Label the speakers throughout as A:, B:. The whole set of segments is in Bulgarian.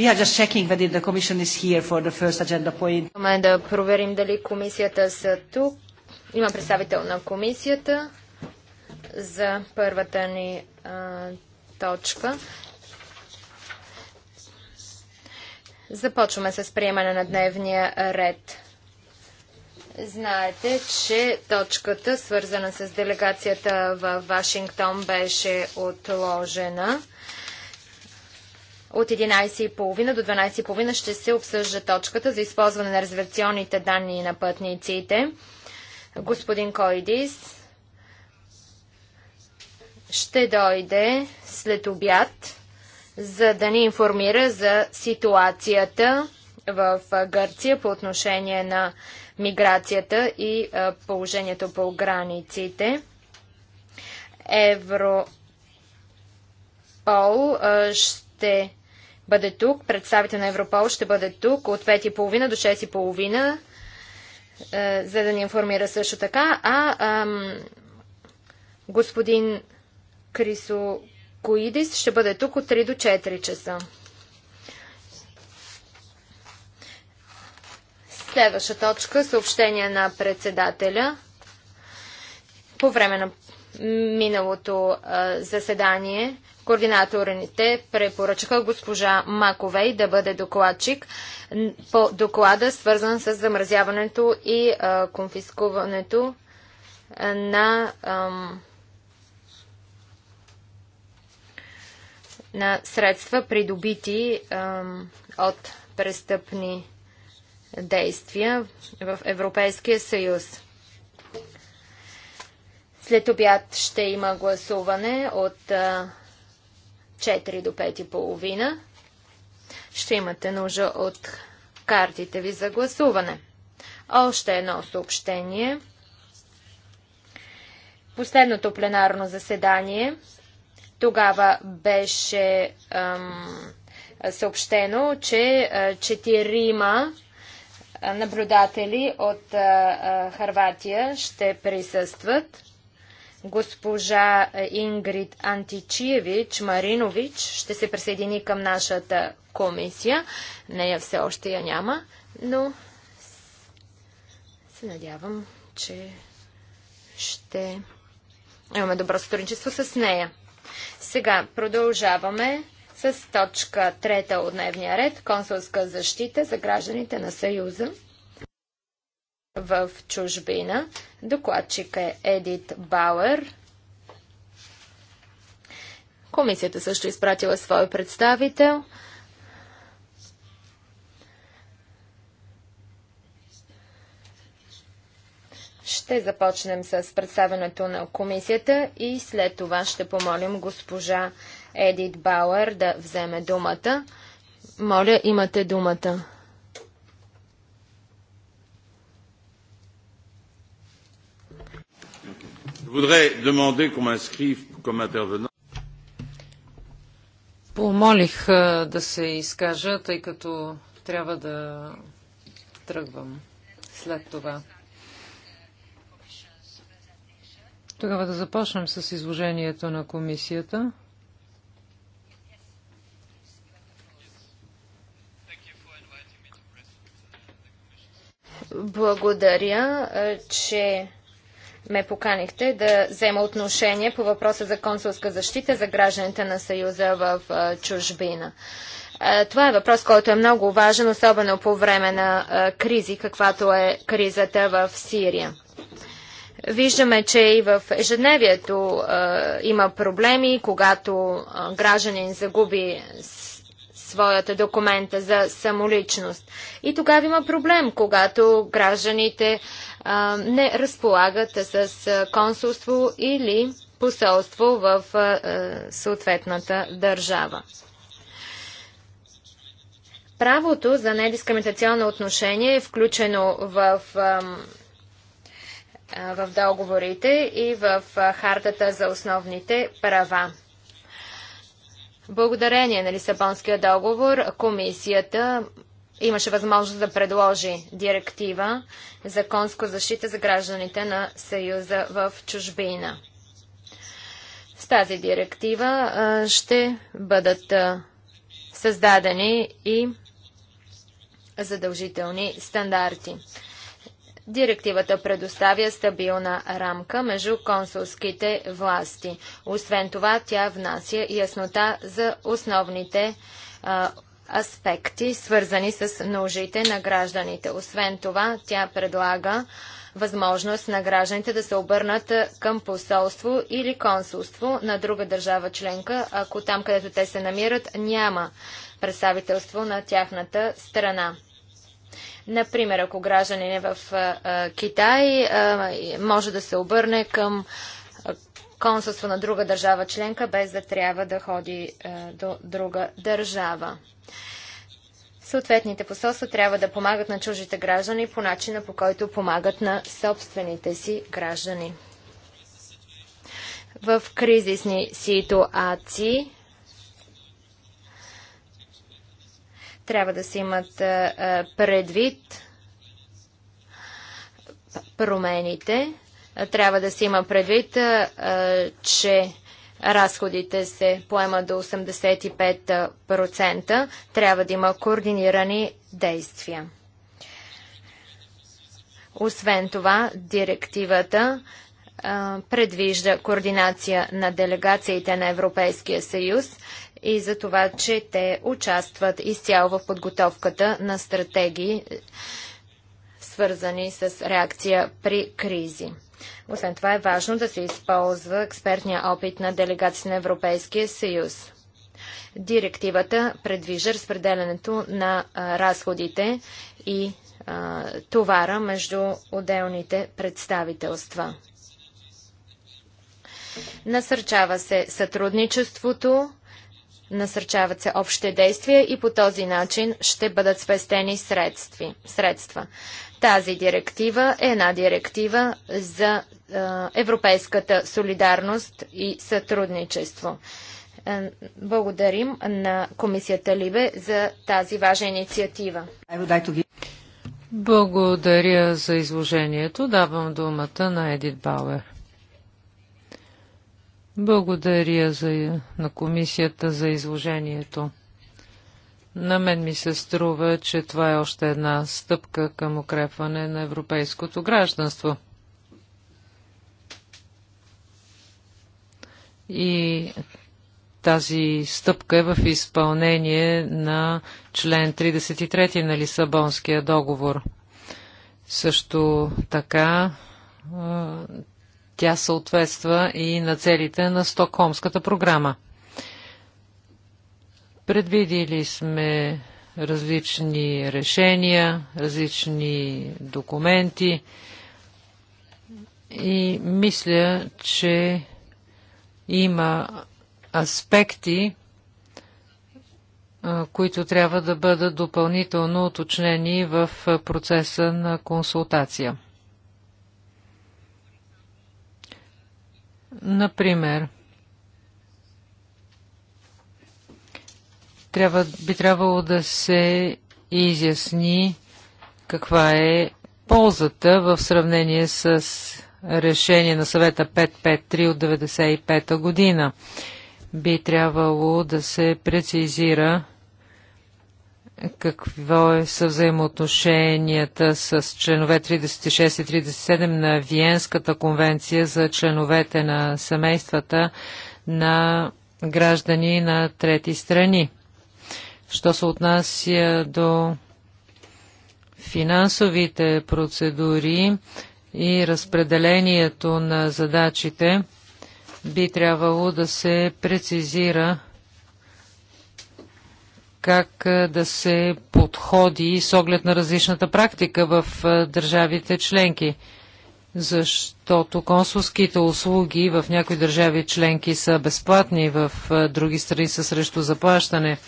A: We are just checking whether the commission is here for the first agenda point.
B: Момент да проверим дали комисията са тук. Има представител на комисията за първата ни а, точка. Започваме с приемане на дневния ред. Знаете, че точката, свързана с делегацията в Вашингтон, беше отложена. От 11.30 до 12.30 ще се обсъжда точката за използване на резервационните данни на пътниците. Господин Койдис ще дойде след обяд, за да ни информира за ситуацията в Гърция по отношение на миграцията и положението по границите. Европол ще бъде тук, представител на Европол ще бъде тук от 5.30 до 6.30, е, за да ни информира също така. А ам, господин Крисо Коидис ще бъде тук от 3 до 4 часа. Следваща точка съобщение на председателя. По време на миналото а, е, заседание Координаторите препоръчаха госпожа Маковей да бъде докладчик по доклада, свързан с замразяването и а, конфискуването на, ам, на средства, придобити ам, от престъпни действия в Европейския съюз. След обяд ще има гласуване от а, 4 до 5 и половина. Ще имате нужда от картите ви за гласуване. Още едно съобщение. Последното пленарно заседание тогава беше ам, съобщено, че четирима наблюдатели от а, а, Харватия ще присъстват. Госпожа е, Ингрид Античиевич Маринович ще се присъедини към нашата комисия. Нея все още я няма, но се надявам, че ще имаме добро сътрудничество с нея. Сега продължаваме с точка трета от дневния ред – консулска защита за гражданите на Съюза в чужбина. Докладчик е Едит Бауер. Комисията също изпратила своя представител. Ще започнем с представенето на комисията и след това ще помолим госпожа Едит Бауер да вземе думата. Моля, имате думата.
C: Je voudrais demander qu'on m'inscrive comme intervenant.
A: Помолих да се изкажа, тъй като трябва да тръгвам след това. Тогава да започнем с изложението на комисията.
B: Благодаря, че ме поканихте да взема отношение по въпроса за консулска защита за гражданите на Съюза в чужбина. Това е въпрос, който е много важен, особено по време на кризи, каквато е кризата в Сирия. Виждаме, че и в ежедневието има проблеми, когато гражданин загуби своята документа за самоличност. И тогава има проблем, когато гражданите а, не разполагат с консулство или посолство в а, съответната държава. Правото за недискриминационно отношение е включено в, а, в договорите и в Хартата за основните права. Благодарение на Лисабонския договор комисията имаше възможност да предложи директива за конско защита за гражданите на Съюза в чужбина. С тази директива ще бъдат създадени и задължителни стандарти. Директивата предоставя стабилна рамка между консулските власти. Освен това, тя внася яснота за основните а, аспекти, свързани с нуждите на гражданите. Освен това, тя предлага възможност на гражданите да се обърнат към посолство или консулство на друга държава членка, ако там, където те се намират, няма представителство на тяхната страна. Например, ако гражданин е в Китай, може да се обърне към консулство на друга държава членка, без да трябва да ходи до друга държава. Съответните посолства трябва да помагат на чужите граждани по начина по който помагат на собствените си граждани. В кризисни ситуации трябва да се имат предвид промените. Трябва да се има предвид, че разходите се поемат до 85%. Трябва да има координирани действия. Освен това, директивата предвижда координация на делегациите на Европейския съюз и за това, че те участват изцяло в подготовката на стратегии, свързани с реакция при кризи. Освен това е важно да се използва експертния опит на делегации на Европейския съюз. Директивата предвижда разпределянето на разходите и товара между отделните представителства. Насърчава се сътрудничеството Насърчават се общите действия и по този начин ще бъдат спестени средства. Тази директива е една директива за европейската солидарност и сътрудничество. Е, благодарим на комисията Либе за тази важна инициатива.
A: Благодаря за изложението. Давам думата на Едит Бауер. Благодаря за, на комисията за изложението. На мен ми се струва, че това е още една стъпка към укрепване на европейското гражданство. И тази стъпка е в изпълнение на член 33 на Лисабонския договор. Също така тя съответства и на целите на Стокхолмската програма. Предвидили сме различни решения, различни документи и мисля, че има аспекти, които трябва да бъдат допълнително уточнени в процеса на консултация. Например, трябва, би трябвало да се изясни каква е ползата в сравнение с решение на съвета 553 от 1995 година. Би трябвало да се прецизира какво е са взаимоотношенията с членове 36 и 37 на Виенската конвенция за членовете на семействата на граждани на трети страни. Що се отнася до финансовите процедури и разпределението на задачите, би трябвало да се прецизира как да се подходи с оглед на различната практика в държавите членки. Защото консулските услуги в някои държави членки са безплатни, в други страни са срещу заплащане.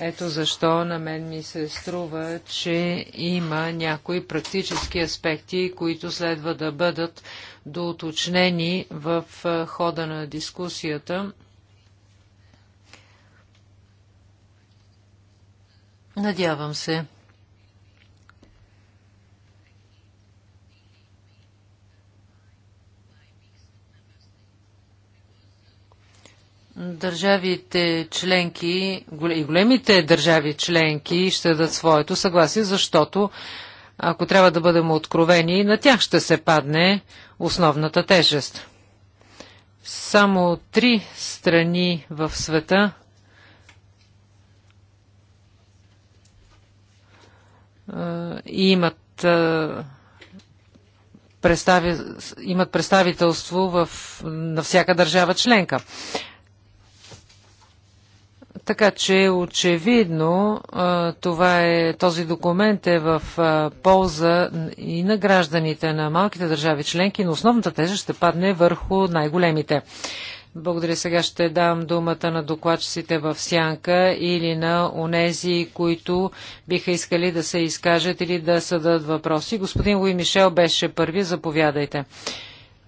A: Ето защо на мен ми се струва, че има някои практически аспекти, които следва да бъдат доуточнени в хода на дискусията Надявам се. Държавите членки и големите държави членки ще дадат своето съгласие, защото ако трябва да бъдем откровени, на тях ще се падне основната тежест. Само три страни в света и имат, представи, имат представителство в, на всяка държава членка. Така че очевидно това е, този документ е в полза и на гражданите на малките държави членки, но основната тежа ще падне върху най-големите. Благодаря. Сега ще дам думата на докладчиците в сянка или на онези, които биха искали да се изкажат или да съдат въпроси. Господин Луи Мишел беше първи. Заповядайте.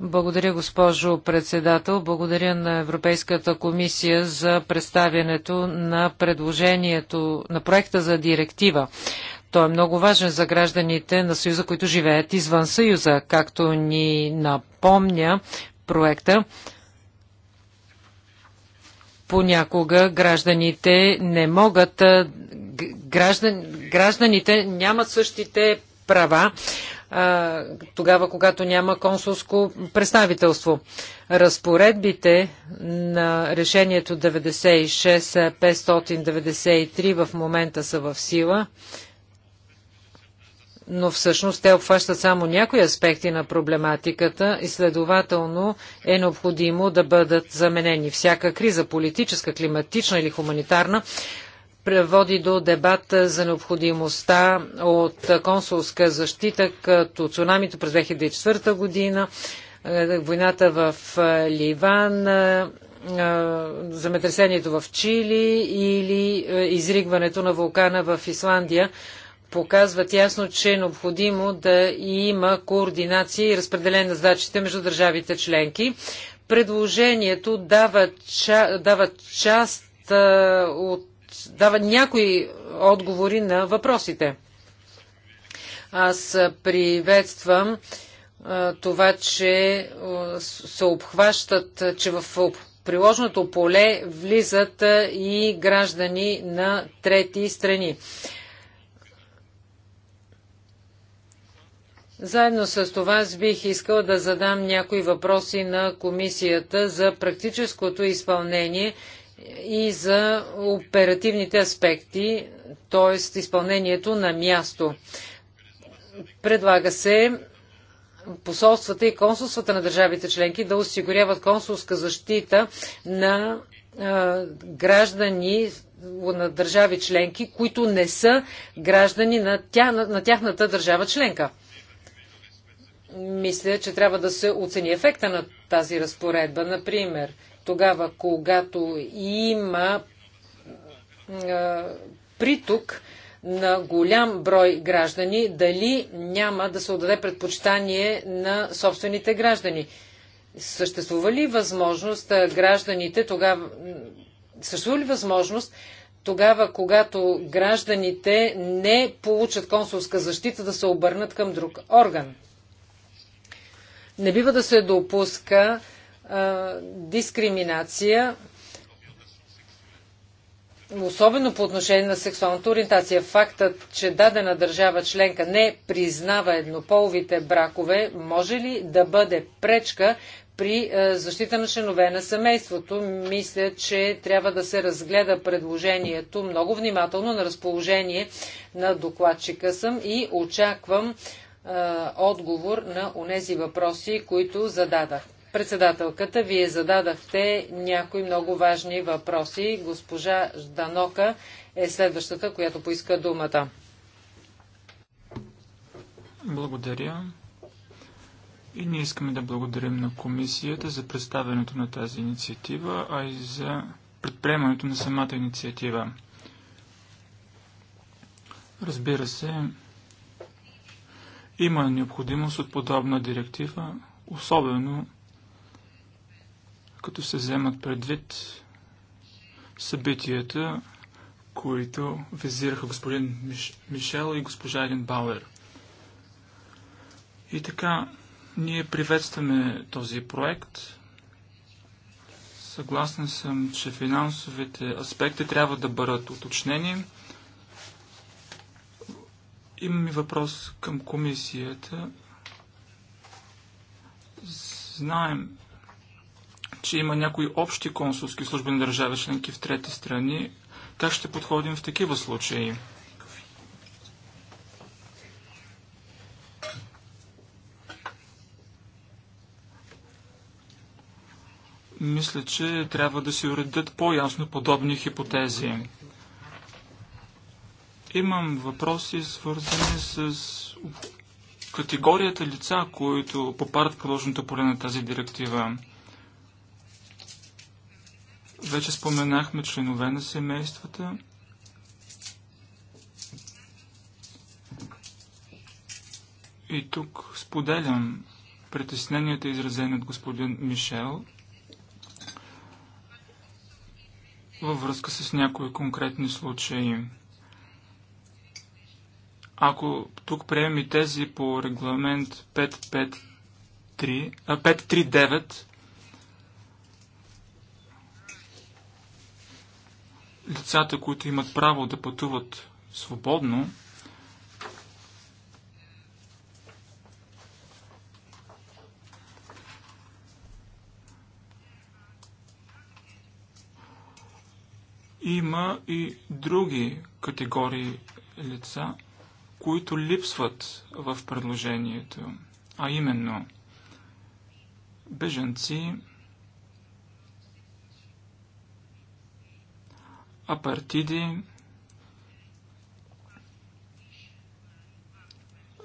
A: Благодаря, госпожо председател. Благодаря на Европейската комисия за представянето на предложението на проекта за директива. Той е много важен за гражданите на Съюза, които живеят извън Съюза, както ни напомня проекта понякога гражданите не могат, граждан, гражданите нямат същите права тогава, когато няма консулско представителство. Разпоредбите на решението 96-593 в момента са в сила но всъщност те обхващат само някои аспекти на проблематиката и следователно е необходимо да бъдат заменени. Всяка криза, политическа, климатична или хуманитарна, води до дебат за необходимостта от консулска защита, като цунамито през 2004 година, е, войната в е, Ливан, е, земетресението в Чили или изригването на вулкана в Исландия показват ясно, че е необходимо да има координация и разпределение на задачите между държавите членки. Предложението дава, ча, дава част а, от дава някои отговори на въпросите. Аз приветствам а, това, че а, се обхващат, че в приложното поле влизат и граждани на трети страни. Заедно с това аз бих искал да задам някои въпроси на комисията за практическото изпълнение и за оперативните аспекти, т.е. изпълнението на място. Предлага се посолствата и консулствата на държавите членки да осигуряват консулска защита на граждани на държави членки, които не са граждани на, на тяхната държава членка мисля, че трябва да се оцени ефекта на тази разпоредба. Например, тогава, когато има приток на голям брой граждани, дали няма да се отдаде предпочитание на собствените граждани. Съществува ли възможност гражданите тогава... Съществува ли възможност тогава, когато гражданите не получат консулска защита, да се обърнат към друг орган? Не бива да се допуска а, дискриминация, особено по отношение на сексуалната ориентация. Фактът, че дадена държава членка не признава еднополовите бракове, може ли да бъде пречка при защита на членове на семейството. Мисля, че трябва да се разгледа предложението много внимателно на разположение на докладчика съм и очаквам е, отговор на онези въпроси, които зададах. Председателката, вие зададахте някои много важни въпроси. Госпожа Жданока е следващата, която поиска думата.
C: Благодаря. И ние искаме да благодарим на комисията за представянето на тази инициатива, а и за предприемането на самата инициатива. Разбира се, има необходимост от подобна директива, особено като се вземат предвид събитията, които визираха господин Миш... Мишел и госпожа Елин Бауер. И така, ние приветстваме този проект. Съгласен съм, че финансовите аспекти трябва да бъдат уточнени. Имам и въпрос към комисията. Знаем, че има някои общи консулски служби на държави членки в трети страни. Как ще подходим в такива случаи? Мисля, че трябва да се уредят по-ясно подобни хипотези. Имам въпроси свързани с категорията лица, които попадат в продължното поле на тази директива. Вече споменахме членове на семействата. И тук споделям притесненията, изразени от господин Мишел, във връзка с някои конкретни случаи. Ако тук приемем и тези по регламент а, 539, лицата, които имат право да пътуват свободно, има и други категории лица които липсват в предложението, а именно беженци, апартиди,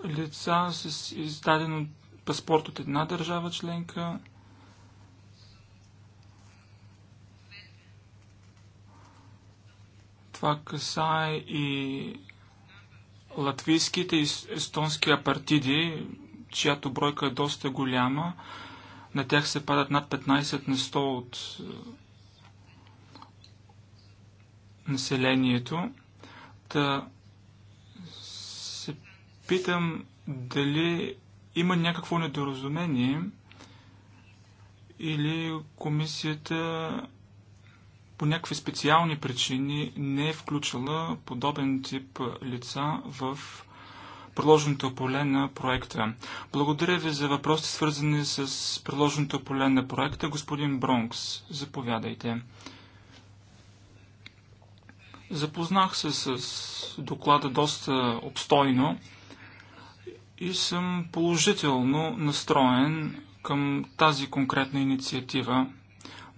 C: лица с издаден паспорт от една държава членка, това касае и латвийските и естонски апартиди, чиято бройка е доста голяма, на тях се падат над 15 на 100 от е, населението. Та се питам дали има някакво недоразумение или комисията по някакви специални причини не е включила подобен тип лица в приложеното поле на проекта. Благодаря ви за въпросите, свързани с приложеното поле на проекта. Господин Бронкс, заповядайте. Запознах се с доклада доста обстойно и съм положително настроен към тази конкретна инициатива.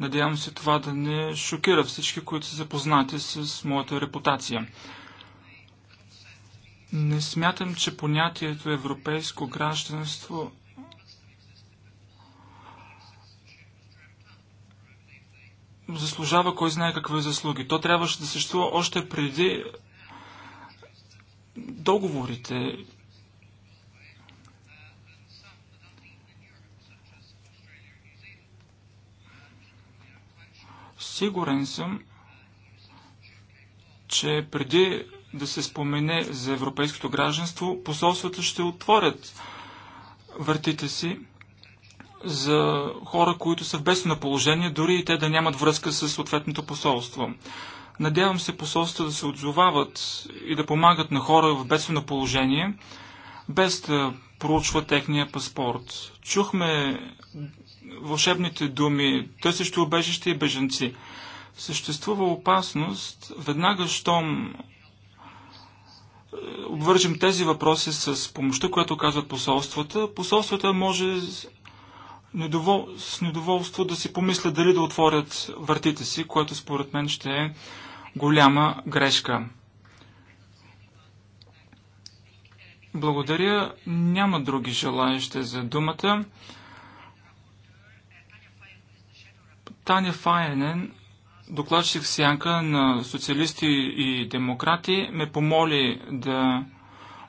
C: Надявам се това да не шокира всички, които са запознати с моята репутация. Не смятам, че понятието европейско гражданство заслужава кой знае какви заслуги. То трябваше да съществува още преди договорите Сигурен съм, че преди да се спомене за европейското гражданство, посолствата ще отворят въртите си за хора, които са в бедствено положение, дори и те да нямат връзка с съответното посолство. Надявам се посолствата да се отзовават и да помагат на хора в бедствено положение, без да проучва техния паспорт. Чухме вълшебните думи, търсещи обежище и беженци. Съществува опасност, веднага щом е, обвържем тези въпроси с помощта, която казват посолствата, посолствата може с недоволство да си помисля дали да отворят вратите си, което според мен ще е голяма грешка. Благодаря. Няма други желаящи за думата. Таня Файенен, докладчик в сянка на социалисти и демократи, ме помоли да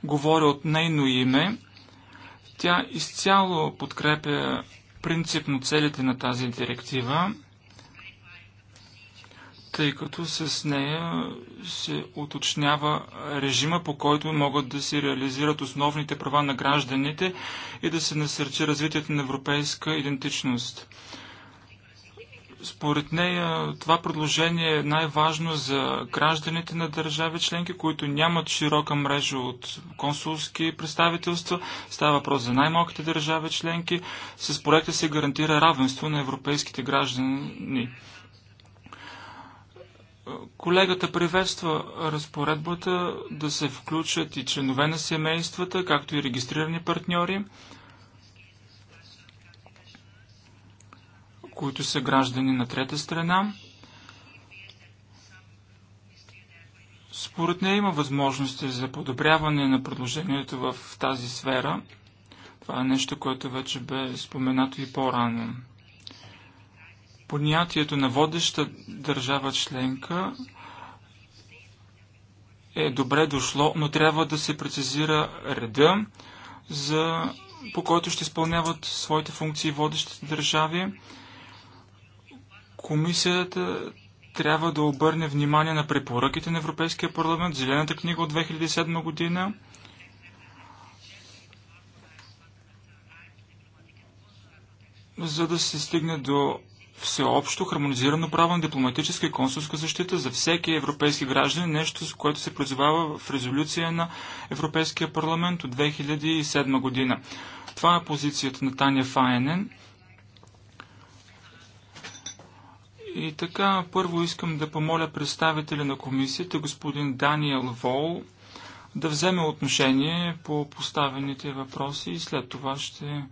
C: говоря от нейно име. Тя изцяло подкрепя принципно целите на тази директива, тъй като с нея се уточнява режима, по който могат да се реализират основните права на гражданите и да се насърчи развитието на европейска идентичност. Според нея това предложение е най-важно за гражданите на държави членки, които нямат широка мрежа от консулски представителства. Става въпрос за най-малките държави членки. С проекта се гарантира равенство на европейските граждани. Колегата приветства разпоредбата да се включат и членове на семействата, както и регистрирани партньори. които са граждани на трета страна. Според нея има възможности за подобряване на предложението в тази сфера. Това е нещо, което вече бе споменато и по-рано. Понятието на водеща държава членка е добре дошло, но трябва да се прецизира реда, за, по който ще изпълняват своите функции водещите държави. Комисията трябва да обърне внимание на препоръките на Европейския парламент, Зелената книга от 2007 година, за да се стигне до всеобщо хармонизирано право на дипломатическа и консулска защита за всеки европейски граждан, нещо, с което се призовава в резолюция на Европейския парламент от 2007 година. Това е позицията на Таня Файнен. И така, първо искам да помоля представителя на комисията, господин Даниел Вол, да вземе отношение по поставените въпроси и след това ще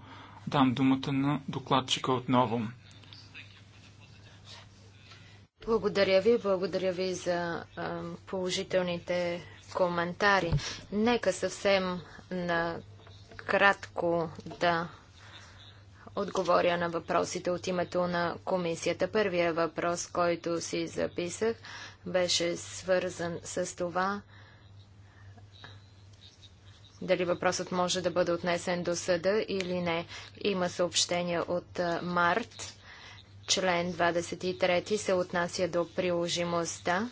C: дам думата на докладчика отново.
B: Благодаря ви, благодаря ви за положителните коментари. Нека съвсем на кратко да отговоря на въпросите от името на комисията. Първия въпрос, който си записах, беше свързан с това, дали въпросът може да бъде отнесен до съда или не. Има съобщение от март. Член 23 се отнася до приложимостта.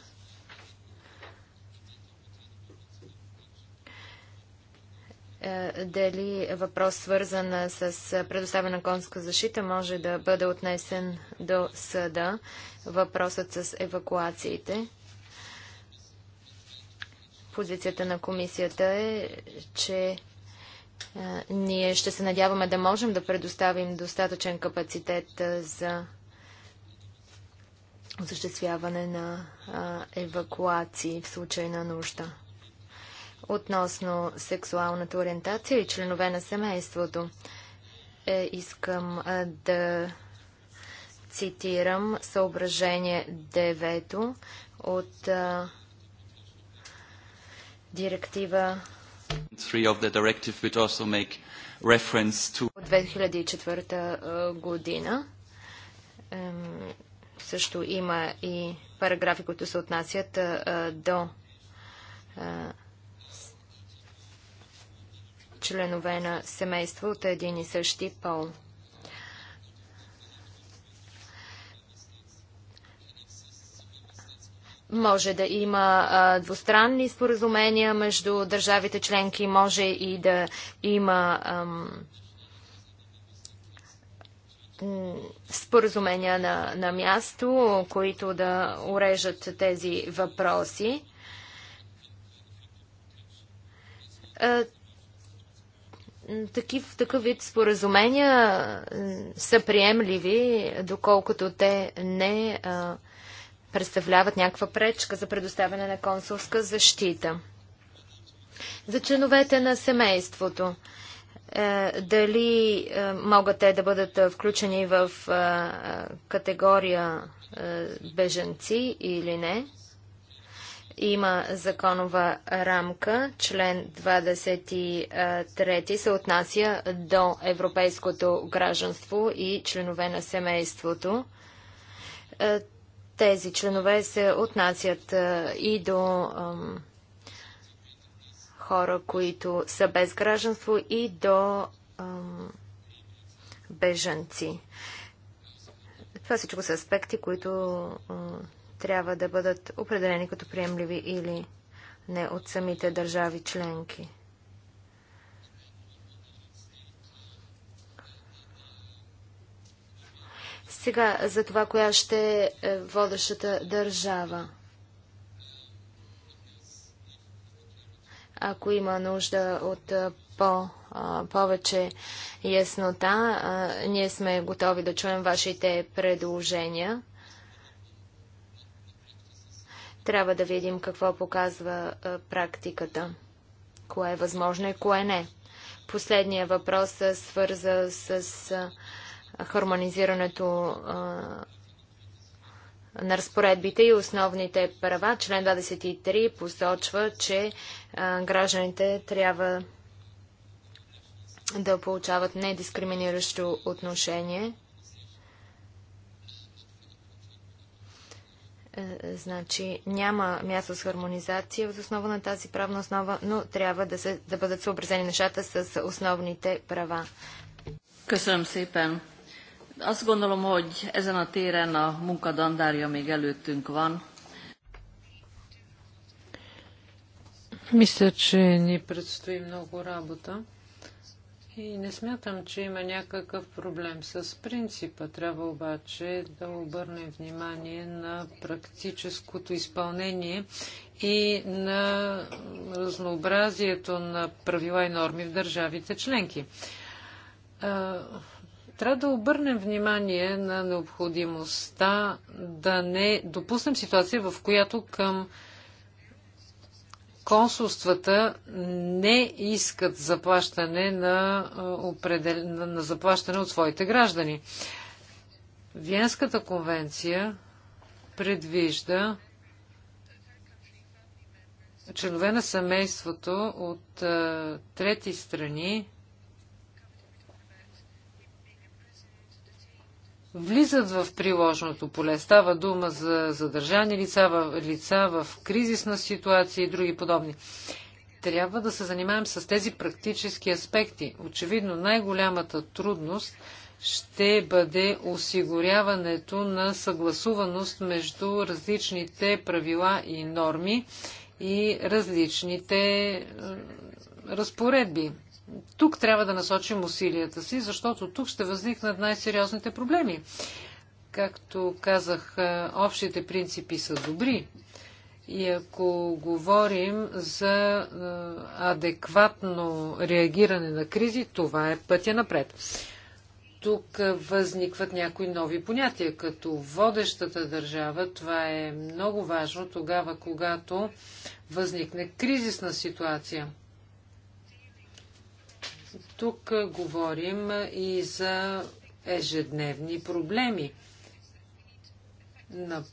B: Е, дали въпрос свързан с предоставяне на конска защита може да бъде отнесен до съда, въпросът с евакуациите. Позицията на комисията е, че е, ние ще се надяваме да можем да предоставим достатъчен капацитет за осъществяване на евакуации в случай на нужда относно сексуалната ориентация и членове на семейството. Е, искам е, да цитирам съображение 9 от е, директива
C: от 2004
B: година. Също има и параграфи, които се отнасят до членове на семейство от един и същи пол. Може да има а, двустранни споразумения между държавите членки, може и да има ам, споразумения на, на място, които да урежат тези въпроси такив, такъв вид споразумения са приемливи, доколкото те не а, представляват някаква пречка за предоставяне на консулска защита. За членовете на семейството, е, дали е, могат те да бъдат включени в е, категория беженци или не? има законова рамка. Член 23 се отнася до европейското гражданство и членове на семейството. Е, тези членове се отнасят е, и до хора, които са без гражданство и до бежанци. Това всичко са аспекти, които трябва да бъдат определени като приемливи или не от самите държави членки. Сега за това, коя ще е, е водещата държава. Ако има нужда от е, по, е, повече яснота, ние сме готови да чуем вашите предложения. Трябва да видим какво показва а, практиката, кое е възможно и кое не. Последния въпрос е свърза с а, хармонизирането а, на разпоредбите и основните права. Член 23 посочва, че а, гражданите трябва да получават недискриминиращо отношение. Е, значи няма място с хармонизация в основа на тази правна основа, но трябва да, се, да бъдат съобразени нещата с основните права.
A: Köszönöm szépen. Azt gondolom, hogy ezen a téren a munkadandárja még előttünk van. Мисля, че ни предстои много работа. И не смятам, че има някакъв проблем с принципа. Трябва обаче да обърнем внимание на практическото изпълнение и на разнообразието на правила и норми в държавите членки. Трябва да обърнем внимание на необходимостта да не допуснем ситуация, в която към консулствата не искат заплащане на, определ... на заплащане от своите граждани. Виенската конвенция предвижда членове на семейството от трети страни влизат в приложното поле. Става дума за задържани лица, в, лица в кризисна ситуация и други подобни. Трябва да се занимаем с тези практически аспекти. Очевидно, най-голямата трудност ще бъде осигуряването на съгласуваност между различните правила и норми и различните разпоредби тук трябва да насочим усилията си, защото тук ще възникнат най-сериозните проблеми. Както казах, е, общите принципи са добри. И ако говорим за е, адекватно реагиране на кризи, това е пътя напред. Тук е, възникват някои нови понятия, като водещата държава. Това е много важно тогава, когато възникне кризисна ситуация – тук говорим и за ежедневни проблеми. На...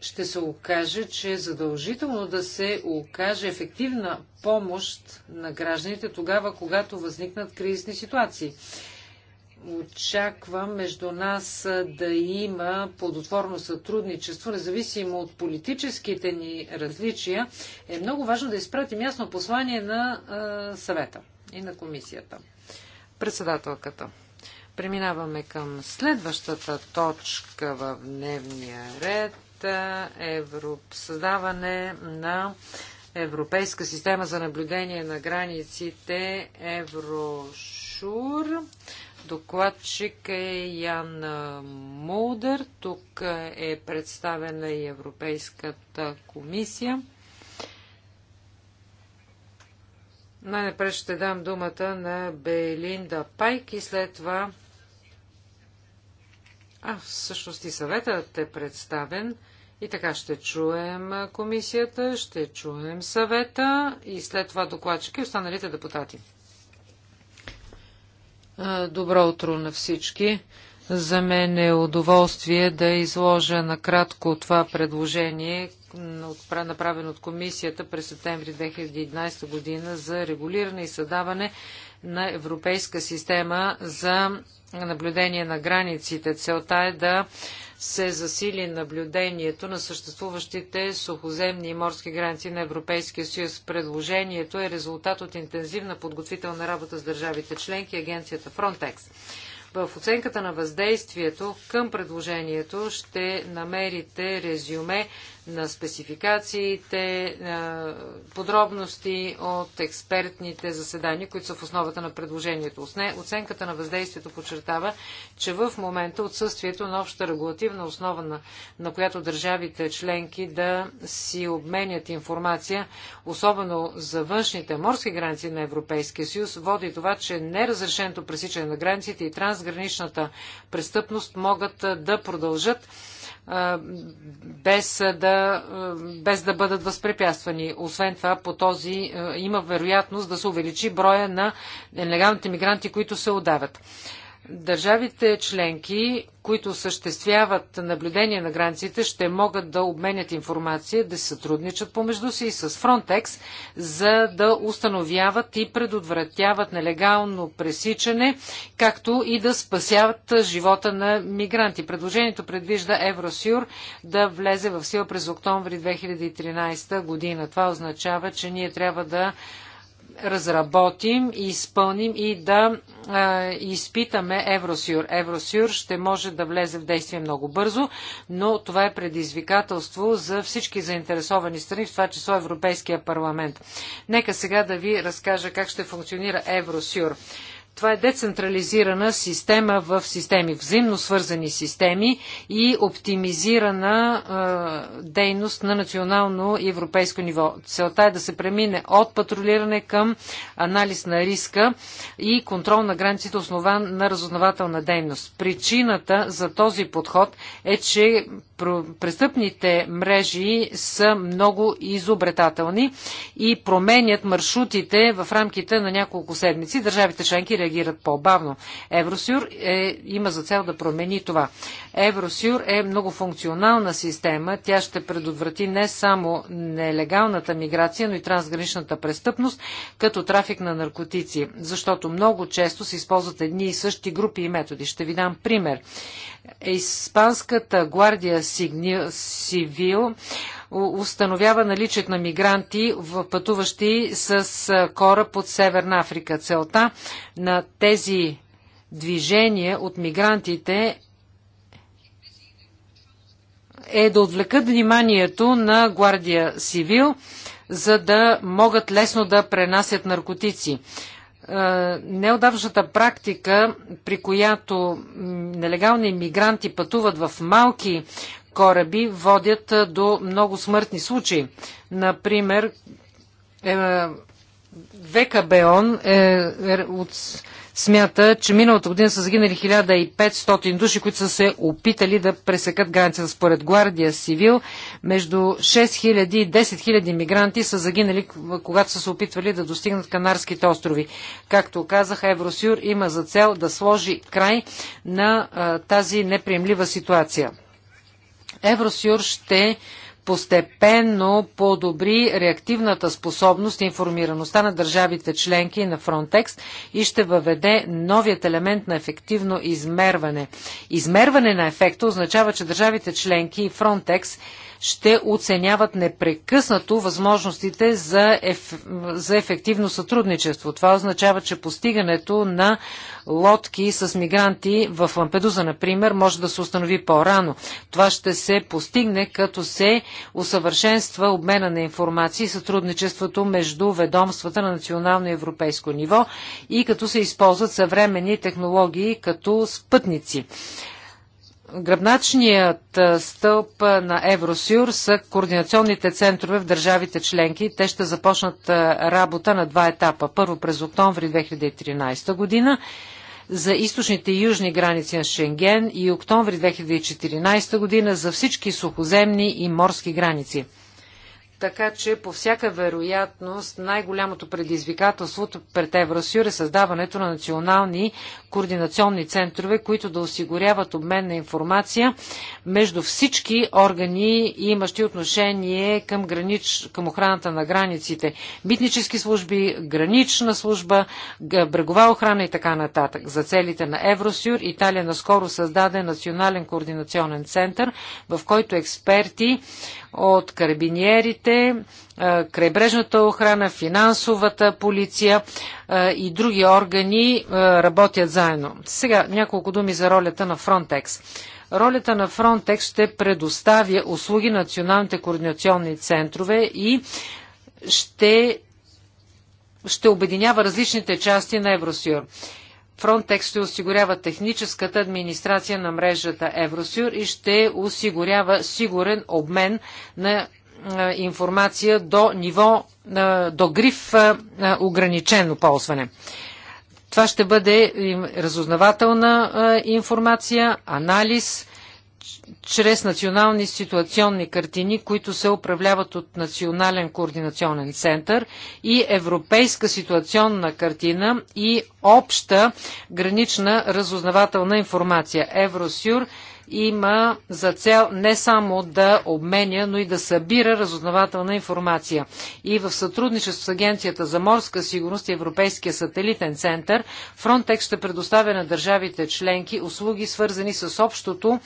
A: Ще се окаже, че е задължително да се окаже ефективна помощ на гражданите тогава, когато възникнат кризисни ситуации. Очаквам между нас да има плодотворно сътрудничество, независимо от политическите ни различия. Е много важно да изпратим ясно послание на а, съвета и на комисията. Председателката. Преминаваме към следващата точка в дневния ред. Европ... Създаване на Европейска система за наблюдение на границите Еврошур. Докладчик е Ян Мудър. Тук е представена и Европейската комисия. Най-напред ще дам думата на Белинда Пайк и след това... А, всъщност и съветът е представен. И така ще чуем комисията, ще чуем съвета и след това докладчики и останалите депутати. Добро утро на всички. За мен е удоволствие да изложа накратко това предложение, направено от комисията през септември 2011 година за регулиране и създаване на Европейска система за наблюдение на границите. Целта е да се засили наблюдението на съществуващите сухоземни и морски граници на Европейския съюз. Предложението е резултат от интензивна подготвителна работа с държавите членки и агенцията Frontex. В оценката на въздействието към предложението ще намерите резюме на спецификациите, подробности от експертните заседания, които са в основата на предложението. Оценката на въздействието подчертава, че в момента отсъствието на обща регулативна основа, на, на която държавите членки да си обменят информация, особено за външните морски граници на Европейския съюз, води това, че неразрешеното пресичане на границите и трансграничната престъпност могат да продължат без да, без да бъдат възпрепятствани. Освен това, по този има вероятност да се увеличи броя на нелегалните мигранти, които се отдават. Държавите членки, които съществяват наблюдение на границите, ще могат да обменят информация, да се сътрудничат помежду си и с Frontex, за да установяват и предотвратяват нелегално пресичане, както и да спасяват живота на мигранти. Предложението предвижда Евросюр да влезе в сила през октомври 2013 година. Това означава, че ние трябва да разработим и изпълним и да а, изпитаме Евросюр. Евросюр ще може да влезе в действие много бързо, но това е предизвикателство за всички заинтересовани страни, в това число Европейския парламент. Нека сега да ви разкажа как ще функционира Евросюр. Това е децентрализирана система в системи, взаимно свързани системи и оптимизирана е, дейност на национално и европейско ниво. Целта е да се премине от патрулиране към анализ на риска и контрол на границите, основан на разузнавателна дейност. Причината за този подход е, че престъпните мрежи са много изобретателни и променят маршрутите в рамките на няколко седмици. Държавите членки реагират по-бавно. Евросюр е, има за цел да промени това. Евросюр е многофункционална система. Тя ще предотврати не само нелегалната миграция, но и трансграничната престъпност, като трафик на наркотици, защото много често се използват едни и същи групи и методи. Ще ви дам пример. Испанската гвардия Сигни... Сивил установява наличието на мигранти, пътуващи с кораб от Северна Африка. Целта на тези движения от мигрантите е да отвлекат вниманието на Гвардия Сивил, за да могат лесно да пренасят наркотици. Неодавшата практика, при която нелегални мигранти пътуват в малки кораби водят до много смъртни случаи. Например, е, ВКБОН е, е, от, смята, че миналата година са загинали 1500 души, които са се опитали да пресекат границата. Според Гвардия Сивил, между 6000 и 10 000 мигранти са загинали, когато са се опитвали да достигнат Канарските острови. Както казах, Евросюр има за цел да сложи край на а, тази неприемлива ситуация. Евросюр ще постепенно подобри реактивната способност и информираността на държавите членки на Фронтекс и ще въведе новият елемент на ефективно измерване. Измерване на ефекта означава, че държавите членки и фронтекс ще оценяват непрекъснато възможностите за, еф... за ефективно сътрудничество. Това означава, че постигането на лодки с мигранти в Лампедуза, например, може да се установи по-рано. Това ще се постигне, като се усъвършенства обмена на информации и сътрудничеството между ведомствата на национално и европейско ниво и като се използват съвременни технологии като спътници. Гръбначният стълб на Евросюр са координационните центрове в държавите членки. Те ще започнат работа на два етапа. Първо през октомври 2013 година за източните и южни граници на Шенген и октомври 2014 година за всички сухоземни и морски граници. Така че по всяка вероятност най-голямото предизвикателство пред Евросюр е създаването на национални координационни центрове, които да осигуряват обмен на информация между всички органи, имащи отношение към, гранич, към охраната на границите. Митнически служби, гранична служба, брегова охрана и така нататък. За целите на Евросюр Италия наскоро създаде национален координационен център, в който експерти от карабиниерите, е, крайбрежната охрана, финансовата полиция е, и други органи е, работят заедно. Сега няколко думи за ролята на Frontex. Ролята на Фронтекс ще предоставя услуги на националните координационни центрове и ще ще обединява различните части на Евросюр. Frontex ще осигурява техническата администрация на мрежата Евросюр и ще осигурява сигурен обмен на информация до ниво, до гриф ограничено ползване. Това ще бъде разузнавателна информация, анализ, чрез национални ситуационни картини, които се управляват от Национален координационен център и Европейска ситуационна картина и обща гранична разузнавателна информация. Евросюр има за цел не само да обменя, но и да събира разузнавателна информация. И в сътрудничество с Агенцията за морска сигурност и Европейския сателитен център, Frontex ще предоставя на държавите членки услуги, свързани с общото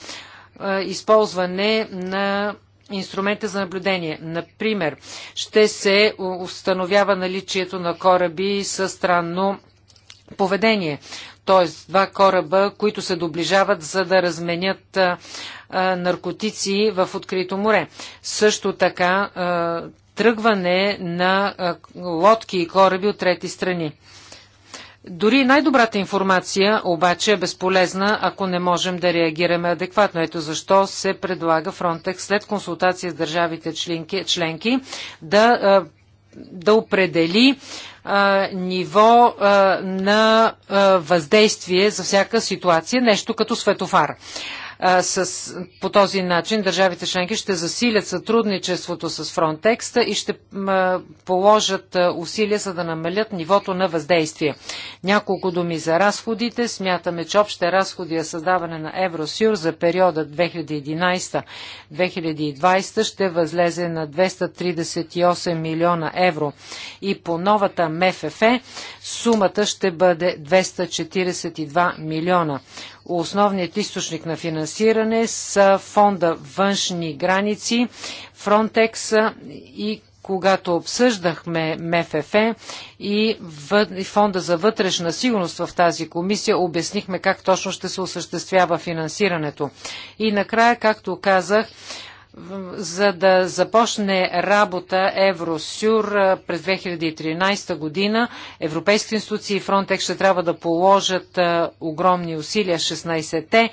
A: е, използване на инструмента за наблюдение. Например, ще се установява наличието на кораби с странно поведение т.е. два кораба, които се доближават за да разменят наркотици в открито море. Също така тръгване на лодки и кораби от трети страни. Дори най-добрата информация обаче е безполезна, ако не можем да реагираме адекватно. Ето защо се предлага Фронтекс след консултация с държавите членки, членки да, да определи ниво а, на а, въздействие за всяка ситуация, нещо като светофар а, с, по този начин държавите членки ще засилят сътрудничеството с Фронтекста и ще а, положат а, усилия за да намалят нивото на въздействие. Няколко думи за разходите. Смятаме, че общите разходи за създаване на Евросюр за периода 2011-2020 ще възлезе на 238 милиона евро и по новата МФФ сумата ще бъде 242 милиона. Основният източник на финансиране са фонда външни граници, Фронтекс и когато обсъждахме МФФ и Фонда за вътрешна сигурност в тази комисия, обяснихме как точно ще се осъществява финансирането. И накрая, както казах, за да започне работа Евросюр през 2013 година. Европейските институции и Фронтекс ще трябва да положат огромни усилия 16-те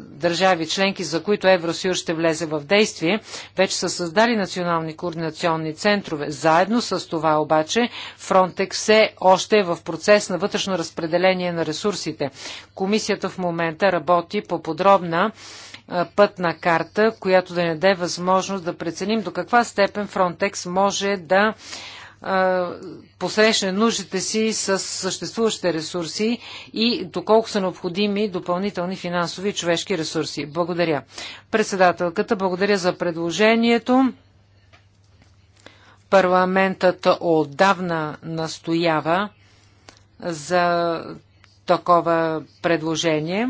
A: държави членки, за които Евросюр ще влезе в действие, вече са създали национални координационни центрове. Заедно с това обаче Фронтекс все още е в процес на вътрешно разпределение на ресурсите. Комисията в момента работи по подробна пътна карта, която да ни даде възможност да преценим до каква степен Frontex може да посрещне нуждите си с съществуващите ресурси и доколко са необходими допълнителни финансови и човешки ресурси. Благодаря. Председателката, благодаря за предложението. Парламентът отдавна настоява за такова предложение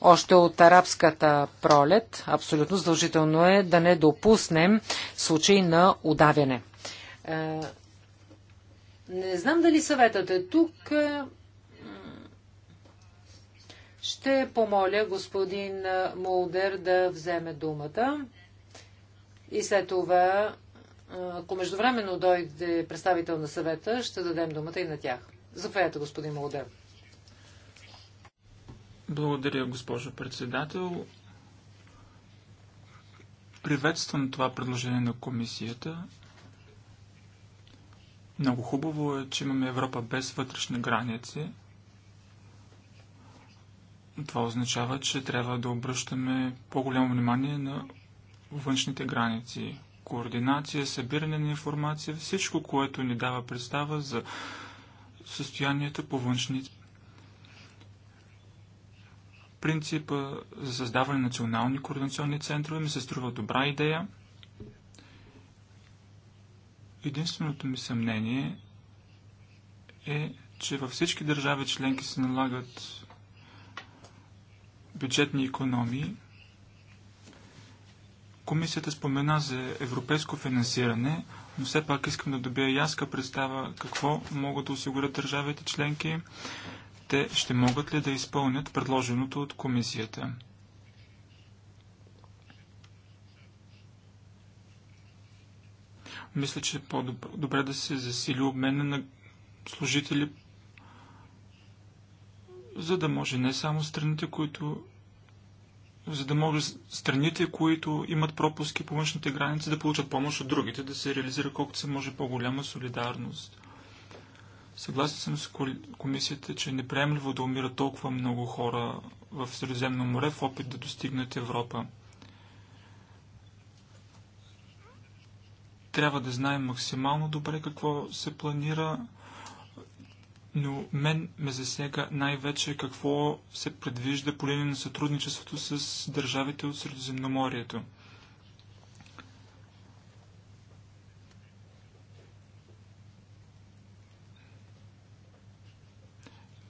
A: още от арабската пролет, абсолютно задължително е да не допуснем случай на удавяне. Е, не знам дали съветът е тук. Е, ще помоля господин Молдер да вземе думата. И след това, ако междувременно дойде представител на съвета, ще дадем думата и на тях. Заповядайте, господин Молдер.
C: Благодаря, госпожо председател. Приветствам това предложение на комисията. Много хубаво е, че имаме Европа без вътрешни граници. Това означава, че трябва да обръщаме по-голямо внимание на външните граници. Координация, събиране на информация, всичко, което ни дава представа за състоянието по външните Принципа за създаване на национални координационни центрове ми се струва добра идея. Единственото ми съмнение е, че във всички държави членки се налагат бюджетни економии. Комисията спомена за европейско финансиране, но все пак искам да добия яска представа какво могат да осигурят държавите членки те ще могат ли да изпълнят предложеното от комисията. Мисля, че е по-добре да се засили обмена на служители, за да може не само страните, които за да може страните, които имат пропуски по външните граници, да получат помощ от другите, да се реализира колкото се може по-голяма солидарност. Съгласен съм с комисията, че е неприемливо да умират толкова много хора в Средиземно море в опит да достигнат Европа. Трябва да знаем максимално добре какво се планира, но мен ме засега най-вече какво се предвижда по линия на сътрудничеството с държавите от Средиземноморието.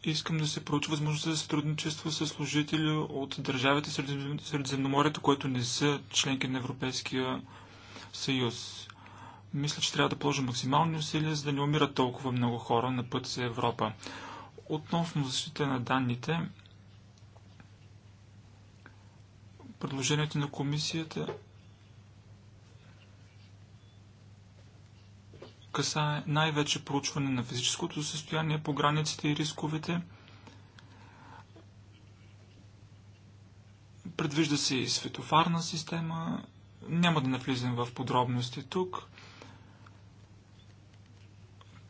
C: искам да се проучи възможността за сътрудничество с служители от държавите Средиземноморието, които не са членки на Европейския съюз. Мисля, че трябва да положим максимални усилия, за да не умират толкова много хора на път за Европа. Относно защита на данните, предложението на комисията касае най-вече проучване на физическото състояние по границите и рисковете. Предвижда се и светофарна система. Няма да навлизам в подробности тук.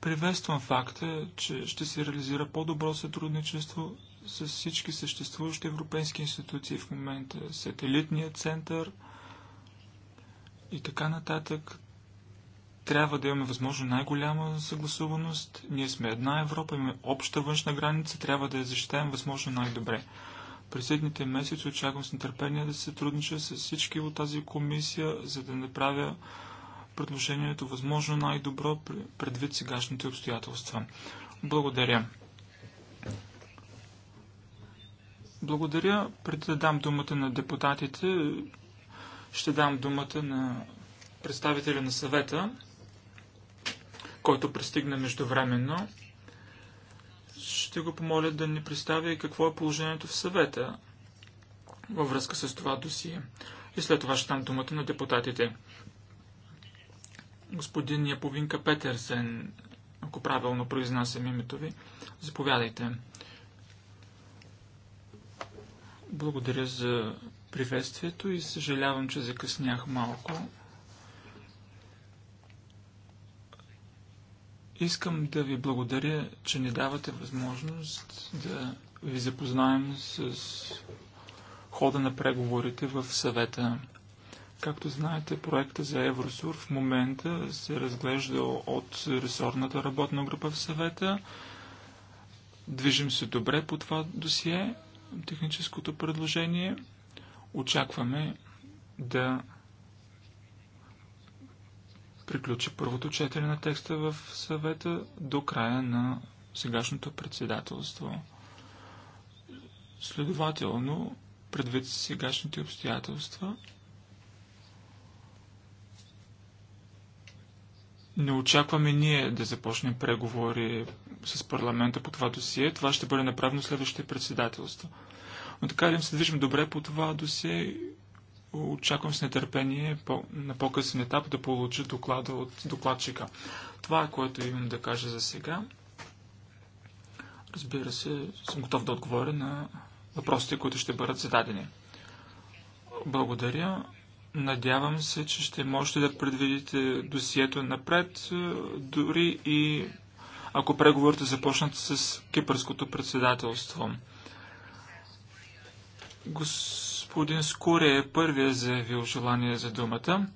C: Приветствам факта, че ще се реализира по-добро сътрудничество с всички съществуващи европейски институции в момента. Сателитният център и така нататък. Трябва да имаме възможно най-голяма съгласуваност. Ние сме една Европа, имаме обща външна граница, трябва да я защитаем възможно най-добре. През следните месеци очаквам с нетърпение да се труднича с всички от тази комисия, за да направя предложението възможно най-добро предвид сегашните обстоятелства. Благодаря. Благодаря. Преди да дам думата на депутатите, ще дам думата на представителя на съвета който пристигна междувременно. Ще го помоля да ни представи какво е положението в съвета във връзка с това досие. И след това ще дам думата на депутатите. Господин Яповинка Петерсен, ако правилно произнасям името ви, заповядайте. Благодаря за приветствието и съжалявам, че закъснях малко. Искам да ви благодаря, че ни давате възможност да ви запознаем с хода на преговорите в съвета. Както знаете, проекта за Евросур в момента се разглежда от ресорната работна група в съвета. Движим се добре по това досие, техническото предложение. Очакваме да приключи първото четене на текста в съвета до края на сегашното председателство. Следователно, предвид сегашните обстоятелства, не очакваме ние да започнем преговори с парламента по това досие. Това ще бъде направено следващите председателство. Но така ли се движим добре по това досие Очаквам с нетърпение на по-късен етап да получа доклада от докладчика. Това е което имам да кажа за сега. Разбира се, съм готов да отговоря на въпросите, които ще бъдат зададени. Благодаря. Надявам се, че ще можете да предвидите досието напред, е, дори и ако преговорите започнат с кипърското председателство. Гос... Господин Скоре е първия заявил желание за думата.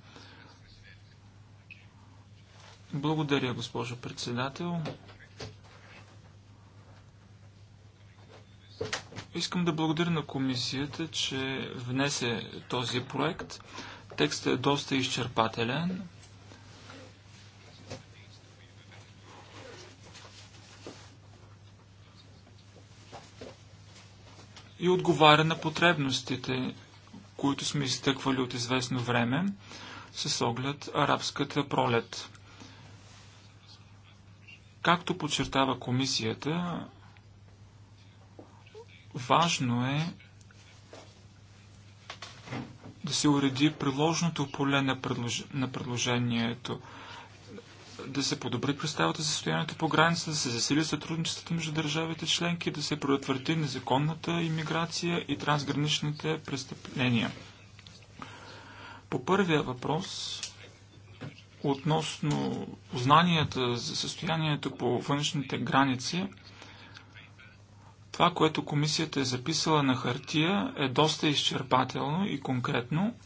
C: Благодаря, госпожо председател. Искам да благодаря на комисията, че внесе този проект. Текстът е доста изчерпателен. и отговаря на потребностите, които сме изтъквали от известно време с оглед арабската пролет. Както подчертава комисията, важно е да се уреди приложното поле на, предлож... на предложението – да се подобри представата за състоянието по граница, да се засили сътрудничеството между държавите членки, да се предотврати незаконната иммиграция и трансграничните престъпления. По първия въпрос, относно знанията за състоянието по външните граници, това, което комисията е записала на хартия, е доста изчерпателно и конкретно –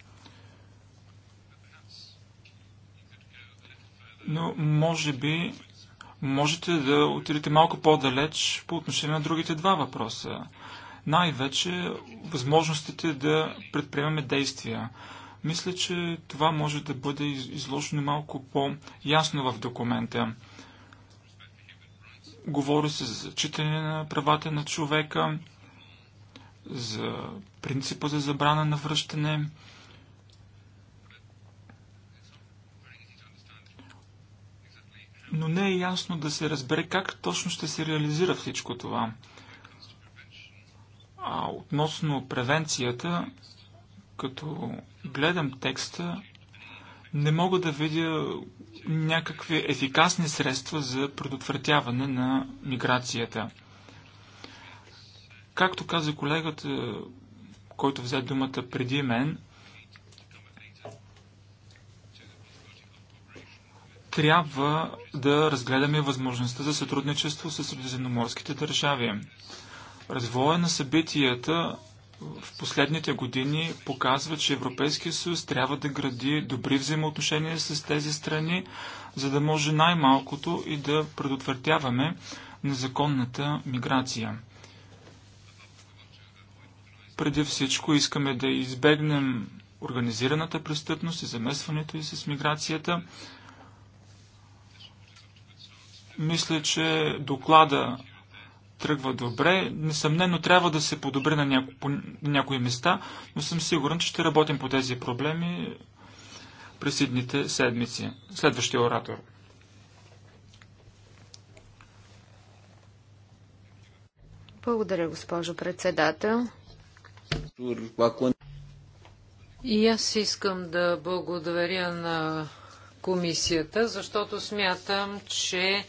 C: но може би можете да отидете малко по-далеч по отношение на другите два въпроса. Най-вече възможностите да предприемаме действия. Мисля, че това може да бъде изложено малко по-ясно в документа. Говори се за зачитане на правата на човека, за принципа за забрана на връщане, но не е ясно да се разбере как точно ще се реализира всичко това. А относно превенцията, като гледам текста, не мога да видя някакви ефикасни средства за предотвратяване на миграцията. Както каза колегата, който взе думата преди мен, трябва да разгледаме възможността за сътрудничество с средиземноморските държави. Развоя на събитията в последните години показва, че Европейския съюз трябва да гради добри взаимоотношения с тези страни, за да може най-малкото и да предотвратяваме незаконната миграция. Преди всичко искаме да избегнем организираната престъпност и замесването и с миграцията. Мисля, че доклада тръгва добре. Несъмнено трябва да се подобри на няко... по някои места, но съм сигурен, че ще работим по тези проблеми през идните седмици. Следващия оратор.
A: Благодаря, госпожо председател. И аз искам да благодаря на комисията, защото смятам, че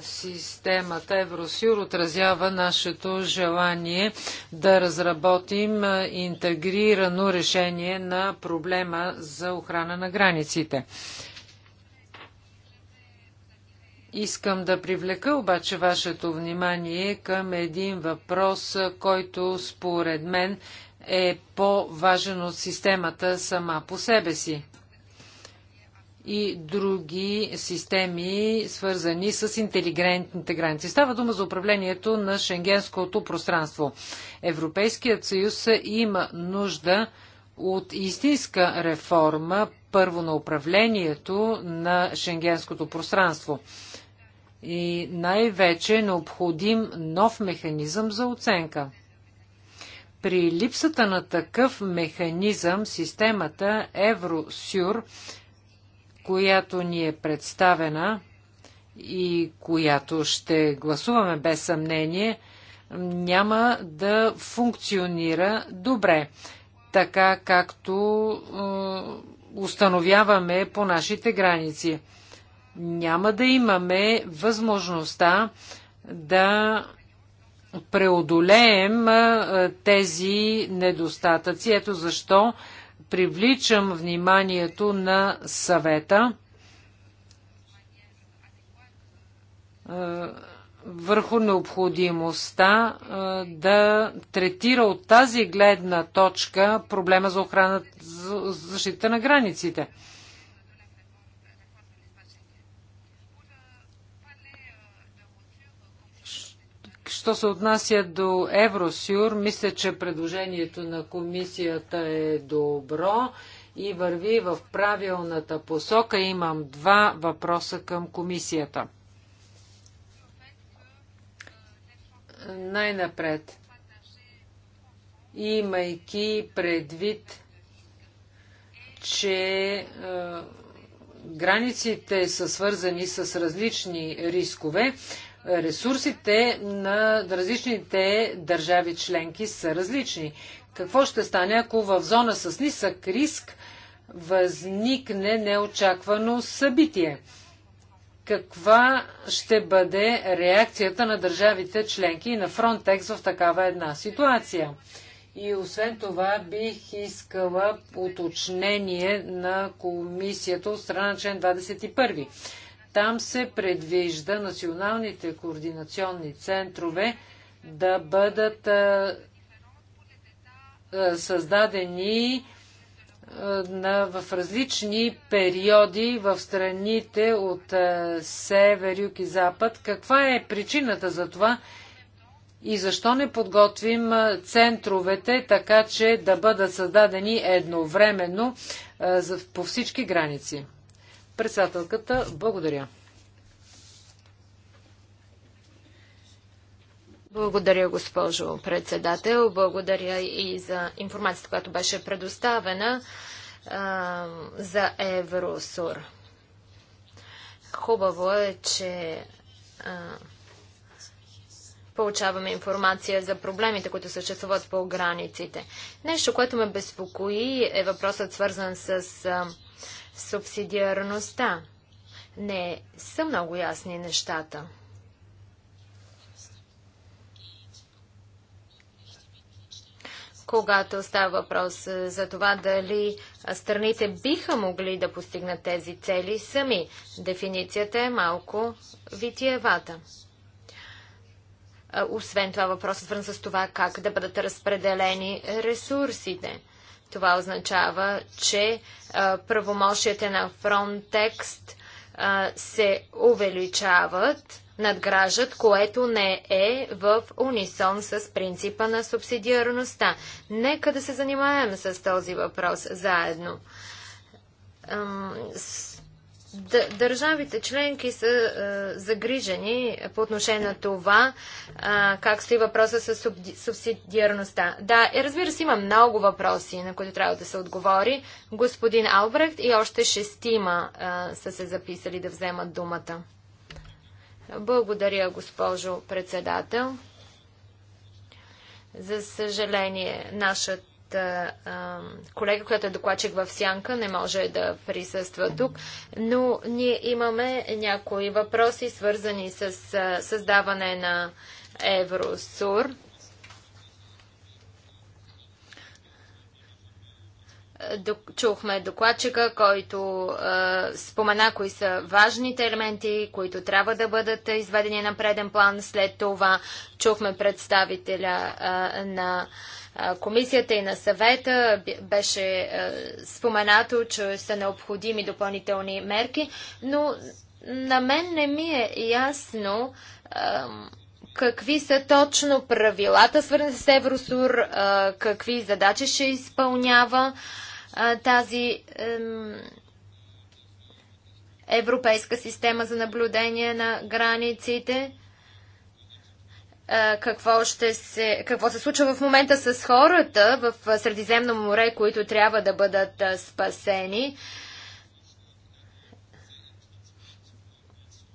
A: системата Евросюр отразява нашето желание да разработим интегрирано решение на проблема за охрана на границите. Искам да привлека обаче вашето внимание към един въпрос, който според мен е по-важен от системата сама по себе си – и други системи, свързани с интелигентните граници. Става дума за управлението на шенгенското пространство. Европейският съюз има нужда от истинска реформа, първо на управлението на шенгенското пространство. И най-вече е необходим нов механизъм за оценка. При липсата на такъв механизъм, системата Евросюр – която ни е представена и която ще гласуваме без съмнение, няма да функционира добре, така както е, установяваме по нашите граници. Няма да имаме възможността да преодолеем е, тези недостатъци. Ето защо привличам вниманието на съвета е, върху необходимостта е, да третира от тази гледна точка проблема за охрана за защита на границите. Що се отнася до Евросюр, мисля, че предложението на комисията е добро и върви в правилната посока. Имам два въпроса към комисията. Най-напред, имайки предвид, че е, границите са свързани с различни рискове, ресурсите на различните държави членки са различни. Какво ще стане, ако в зона с нисък риск възникне неочаквано събитие? Каква ще бъде реакцията на държавите членки и на Фронтекс в такава една ситуация? И освен това бих искала уточнение на комисията от страна на член 21 там се предвижда националните координационни центрове да бъдат създадени в различни периоди в страните от север, юг и запад. Каква е причината за това и защо не подготвим центровете така, че да бъдат създадени едновременно по всички граници? Председателката, благодаря. Благодаря, госпожо председател.
B: Благодаря и за информацията, която беше предоставена а, за Евросур. Хубаво е, че а, получаваме информация за проблемите, които съществуват по границите. Нещо, което ме безпокои е въпросът свързан с а, субсидиарността. Не са много ясни нещата. когато става въпрос е, за това дали страните биха могли да постигнат тези цели сами. Дефиницията е малко витиевата. Освен това въпросът свързан с това как да бъдат разпределени ресурсите. Това означава, че правомощията на Фронтекст се увеличават, надграждат, което не е в унисон с принципа на субсидиарността. Нека да се занимаем с този въпрос заедно. Държавите членки са а, загрижени по отношение на това, а, как стои въпроса с субсидиарността. Да, и е, разбира се, има много въпроси, на които трябва да се отговори. Господин Албрехт и още шестима а, са се записали да вземат думата. Благодаря, госпожо председател. За съжаление, нашата а, колега, която е докладчик в Сянка, не може да присъства тук, но ние имаме някои въпроси, свързани с а, създаване на Евросур. чухме докладчика, който е, спомена кои са важните елементи, които трябва да бъдат изведени на преден план. След това чухме представителя е, на комисията и на съвета беше е, споменато, че са необходими допълнителни мерки, но на мен не ми е ясно какви са точно правилата, свързани с Евросур, какви задачи ще изпълнява тази европейска система за наблюдение на границите какво, ще се, какво се случва в момента с хората в Средиземно море, които трябва да бъдат спасени.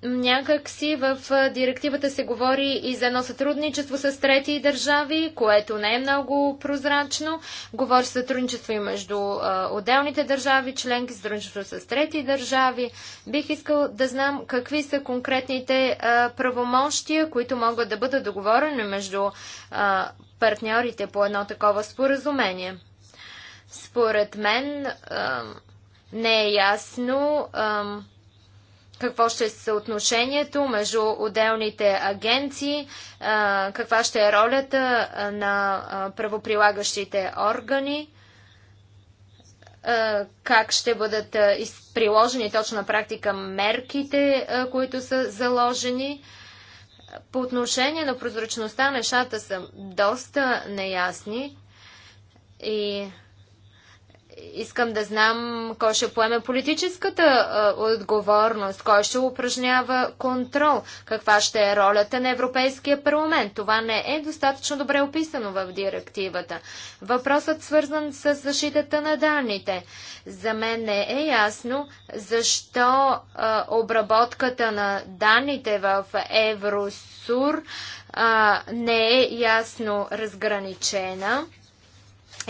B: Някак си в директивата се говори и за едно сътрудничество с трети държави, което не е много прозрачно. Говори сътрудничество и между отделните държави, членки, сътрудничество с трети държави. Бих искал да знам какви са конкретните правомощия, които могат да бъдат договорени между партньорите по едно такова споразумение. Според мен не е ясно какво ще е съотношението между отделните агенции, каква ще е ролята на правоприлагащите органи, как ще бъдат приложени точно на практика мерките, които са заложени. По отношение на прозрачността, нещата са доста неясни и искам да знам кой ще поеме политическата а, отговорност, кой ще упражнява контрол, каква ще е ролята на Европейския парламент. Това не е достатъчно добре описано в директивата. Въпросът свързан с защитата на данните. За мен не е ясно защо а, обработката на данните в Евросур а, не е ясно разграничена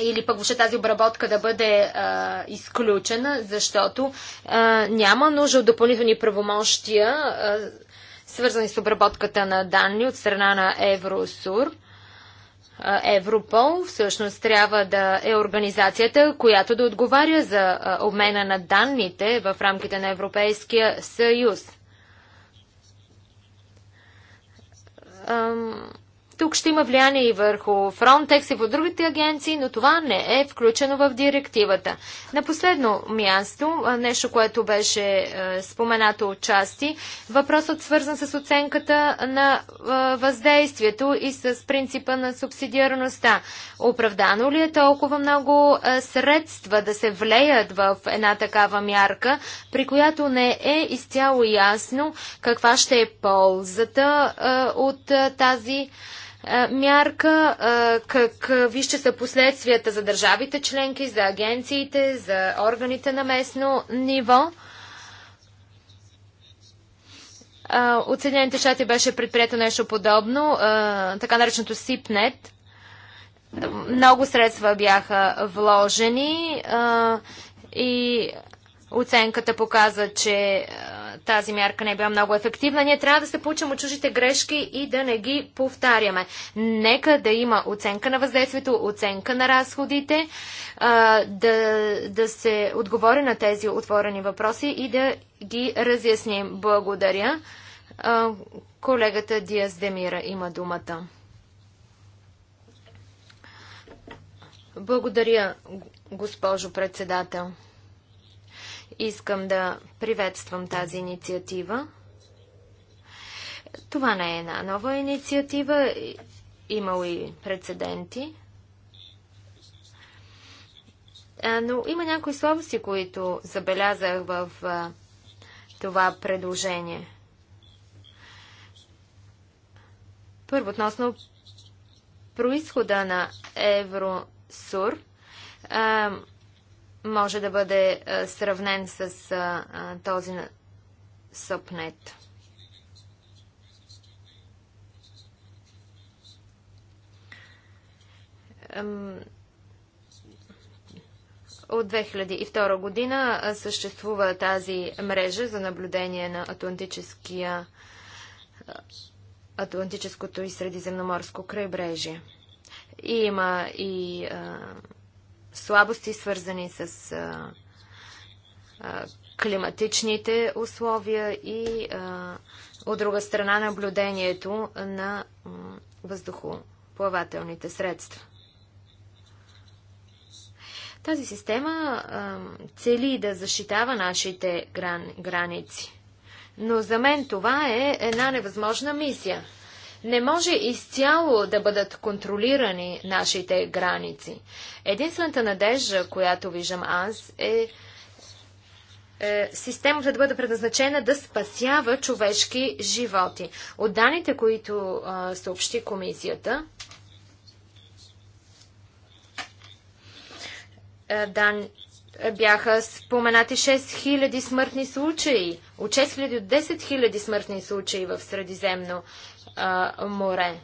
B: или пък въобще тази обработка да бъде а, изключена, защото а, няма нужда от допълнителни правомощия, а, свързани с обработката на данни от страна на Евросур. Европол всъщност трябва да е организацията, която да отговаря за обмена на данните в рамките на Европейския съюз. Ам тук ще има влияние и върху Frontex и в другите агенции, но това не е включено в директивата. На последно място, нещо, което беше е, споменато от части, въпросът свързан с оценката на е, въздействието и с принципа на субсидиарността. Оправдано ли е толкова много е, средства да се влеят в една такава мярка, при която не е изцяло ясно каква ще е ползата от тази мярка, какви ще са последствията за държавите членки, за агенциите, за органите на местно ниво. От Съединените щати беше предприето нещо подобно, така нареченото СИПНЕТ. Много средства бяха вложени и оценката показа, че тази мярка не е била много ефективна. Ние трябва да се получим от чужите грешки и да не ги повтаряме. Нека да има оценка на въздействието, оценка на разходите, да, да се отговори на тези отворени въпроси и да ги разясним. Благодаря. Колегата Диас Демира има думата. Благодаря, госпожо председател. Искам да приветствам тази инициатива. Това не е една нова инициатива. Имало и прецеденти. Но има някои слабости, които забелязах в това предложение. Първо, относно происхода на Евросур, може да бъде сравнен с този на Съпнет. От 2002 година съществува тази мрежа за наблюдение на Атлантическия, Атлантическото и Средиземноморско крайбрежие. И има и слабости, свързани с а, а, климатичните условия и а, от друга страна наблюдението на въздухоплавателните средства. Тази система а, цели да защитава нашите гран, граници. Но за мен това е една невъзможна мисия – не може изцяло да бъдат контролирани нашите граници. Единствената надежда, която виждам аз, е, е системата да бъде предназначена да спасява човешки животи. От данните, които е, съобщи комисията, е, дан, бяха споменати 6000 смъртни случаи, от 6000 до 10 000 смъртни случаи в Средиземно а, море.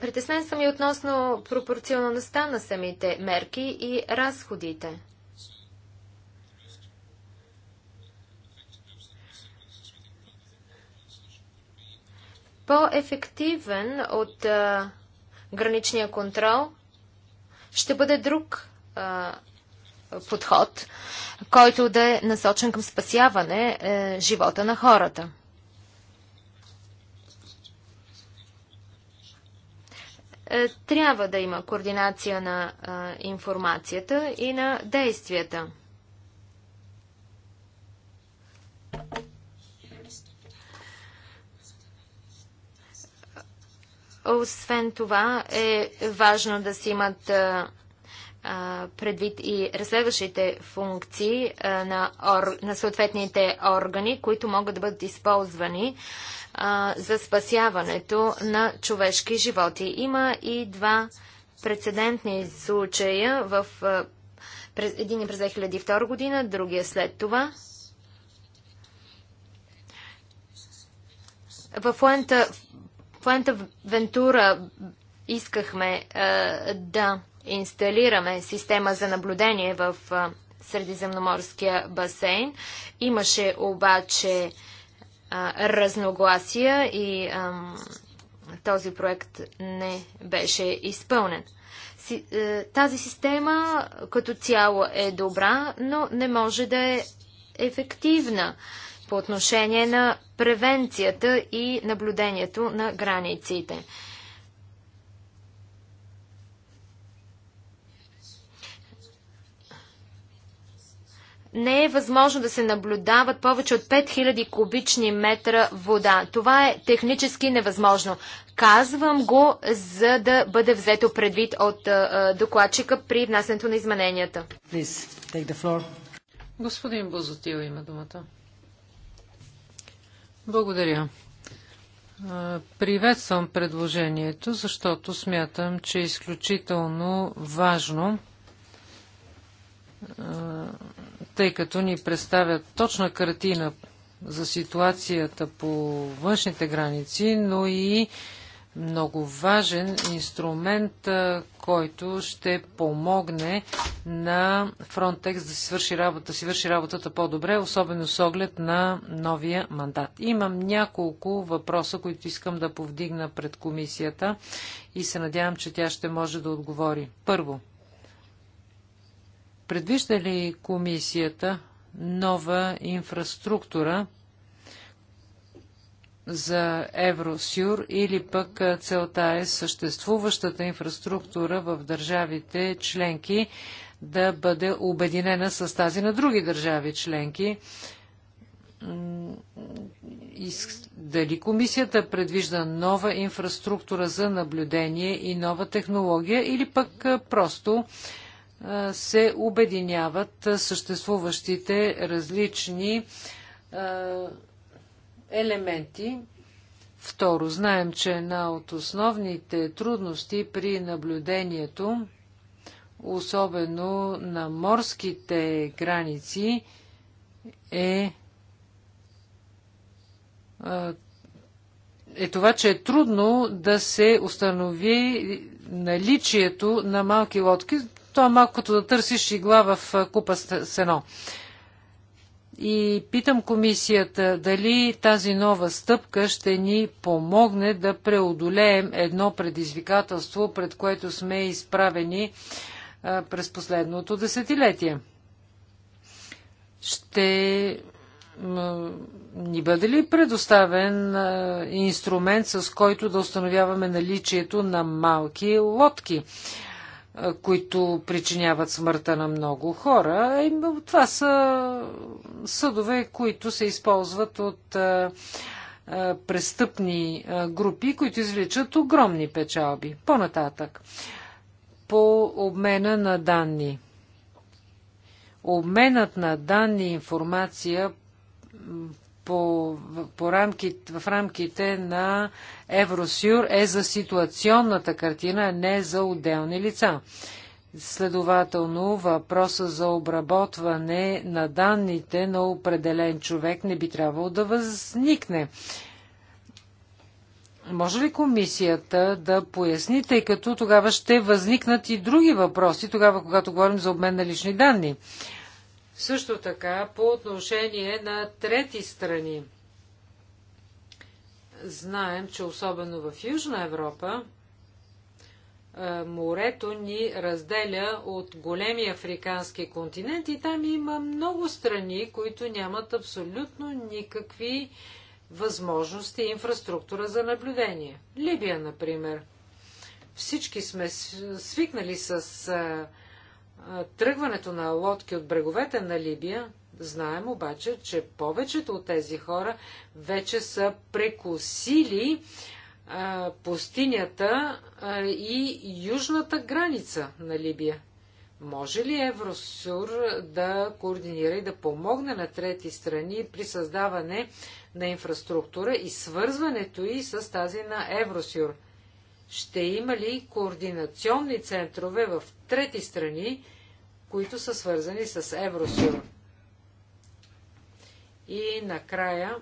B: притеснен съм и относно пропорционалността на самите мерки и разходите. По-ефективен от а, граничния контрол ще бъде друг а, подход, който да е насочен към спасяване е, живота на хората. Е, трябва да има координация на а, информацията и на действията. Освен това е важно да си имат предвид и разследващите функции на, ор... на съответните органи, които могат да бъдат използвани а, за спасяването на човешки животи. Има и два прецедентни случая в а, през, един е през 2002 година, другия след това. В Лента Фуента Вентура искахме а, е, да инсталираме система за наблюдение в а, е, Средиземноморския басейн. Имаше обаче а, е, разногласия и а, този проект не беше изпълнен. Си, а, тази система като цяло е добра, но не може да е ефективна. А, по отношение на превенцията и наблюдението на границите. не е възможно да се наблюдават повече от 5000 кубични метра вода. Това е технически невъзможно. Казвам го, за да бъде взето предвид от докладчика при внасянето на
A: измененията. Господин Бозотил има думата. Благодаря. Приветствам предложението, защото смятам, че е изключително важно, тъй като ни представят точна картина за ситуацията по външните граници, но и много важен инструмент, който ще помогне на Frontex да си свърши, работа, си върши работата по-добре, особено с оглед на новия мандат. Имам няколко въпроса, които искам да повдигна пред комисията и се надявам, че тя ще може да отговори. Първо, предвижда ли комисията нова инфраструктура – за Евросюр или пък целта е съществуващата инфраструктура в държавите членки да бъде обединена с тази на други държави членки. Дали комисията предвижда нова инфраструктура за наблюдение и нова технология или пък просто се обединяват съществуващите различни елементи. Второ, знаем, че една от основните трудности при наблюдението, особено на морските граници, е, е това, че е трудно да се установи наличието на малки лодки. Това е малко като да търсиш игла в купа сено. И питам комисията дали тази нова стъпка ще ни помогне да преодолеем едно предизвикателство, пред което сме изправени през последното десетилетие. Ще ни бъде ли предоставен инструмент, с който да установяваме наличието на малки лодки? които причиняват смъртта на много хора. Това са съдове, които се използват от престъпни групи, които извличат огромни печалби. По-нататък, по обмена на данни. Обменът на данни и информация по, по рамки, в рамките на Евросюр е за ситуационната картина, а не за отделни лица. Следователно, въпроса за обработване на данните на определен човек не би трябвало да възникне. Може ли комисията да поясни, тъй като тогава ще възникнат и други въпроси, тогава когато говорим за обмен на лични данни? Също така по отношение на трети страни. Знаем, че особено в Южна Европа морето ни разделя от големи африкански континент и там има много страни, които нямат абсолютно никакви възможности и инфраструктура за наблюдение. Либия, например. Всички сме свикнали с тръгването на лодки от бреговете на Либия, знаем обаче, че повечето от тези хора вече са прекусили пустинята и южната граница на Либия. Може ли Евросур да координира и да помогне на трети страни при създаване на инфраструктура и свързването и с тази на Евросюр? Ще има ли координационни центрове в трети страни, които са свързани с Евросур. И накрая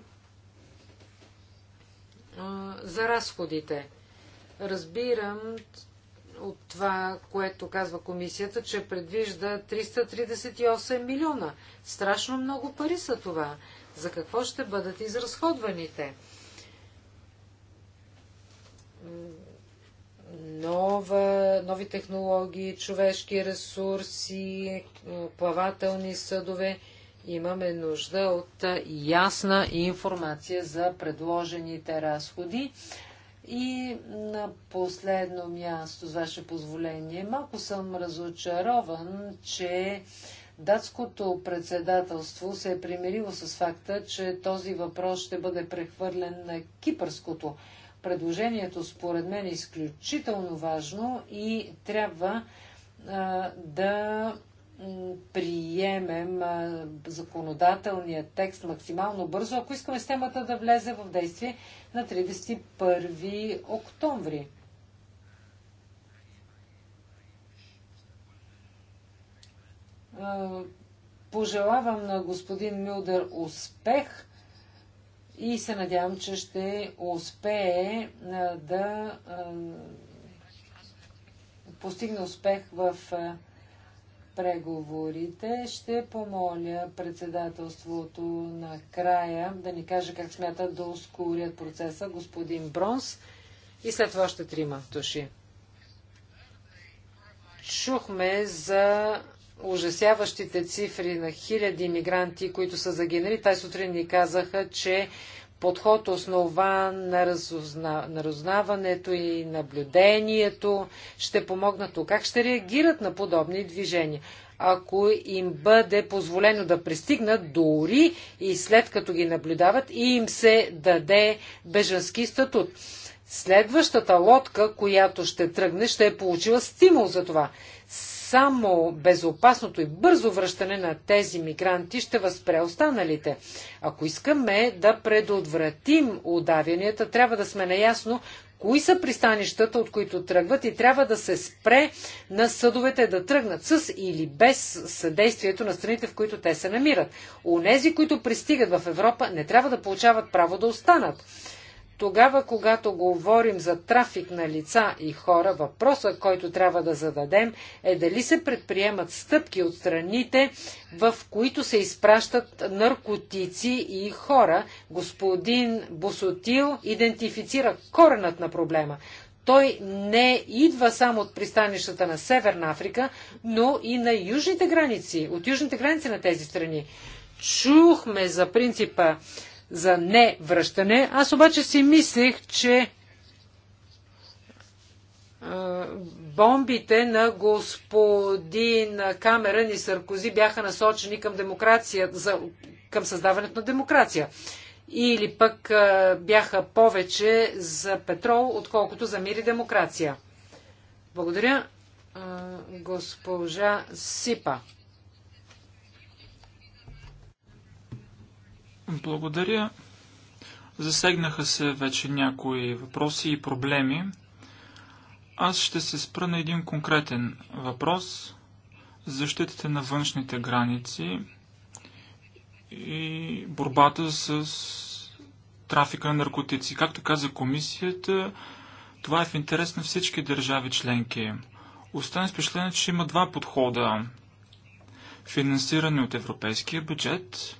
A: за разходите. Разбирам от това, което казва комисията, че предвижда 338 милиона. Страшно много пари са това. За какво ще бъдат изразходваните? нова, нови технологии, човешки ресурси, е, плавателни съдове. Имаме нужда от е, ясна информация за предложените разходи. И на последно място, с ваше позволение, малко съм разочарован, че датското председателство се е примирило с факта, че този въпрос ще бъде прехвърлен на кипърското. Предложението според мен е изключително важно и трябва а, да приемем а, законодателния текст максимално бързо, ако искаме системата да влезе в действие на 31 октомври. А, пожелавам на господин Мюдер успех и се надявам, че ще успее да постигне успех в преговорите. Ще помоля председателството на края да ни каже как смятат да ускорят процеса господин Бронс и след това ще трима души. Чухме за ужасяващите цифри на хиляди мигранти, които са загинали. Тази сутрин ни казаха, че подход основа на, разузна... на разузнаването и наблюдението ще помогнат. тук. Как ще реагират на подобни движения? ако им бъде позволено да пристигнат дори и след като ги наблюдават и им се даде беженски статут. Следващата лодка, която ще тръгне, ще е получила стимул за това само безопасното и бързо връщане на тези мигранти ще възпре останалите. Ако искаме да предотвратим удавянията, трябва да сме наясно кои са пристанищата, от които тръгват и трябва да се спре на съдовете да тръгнат с или без съдействието на страните, в които те се намират. Онези, които пристигат в Европа, не трябва да получават право да останат тогава, когато говорим за трафик на лица и хора, въпросът, който трябва да зададем е дали се предприемат стъпки от страните, в които се изпращат наркотици и хора. Господин Босотил идентифицира коренът на проблема. Той не идва само от пристанищата на Северна Африка, но и на южните граници, от южните граници на тези страни. Чухме за принципа за невръщане. Аз обаче си мислех, че бомбите на господин Камерън и Саркози бяха насочени към демокрация, за, към създаването на демокрация. Или пък бяха повече за петрол, отколкото за мир и демокрация. Благодаря, госпожа Сипа.
C: Благодаря. Засегнаха се вече някои въпроси и проблеми. Аз ще се спра на един конкретен въпрос защитите на външните граници и борбата с трафика на наркотици. Както каза комисията, това е в интерес на всички държави членки. Остане впечатление, че има два подхода. Финансиране от европейския бюджет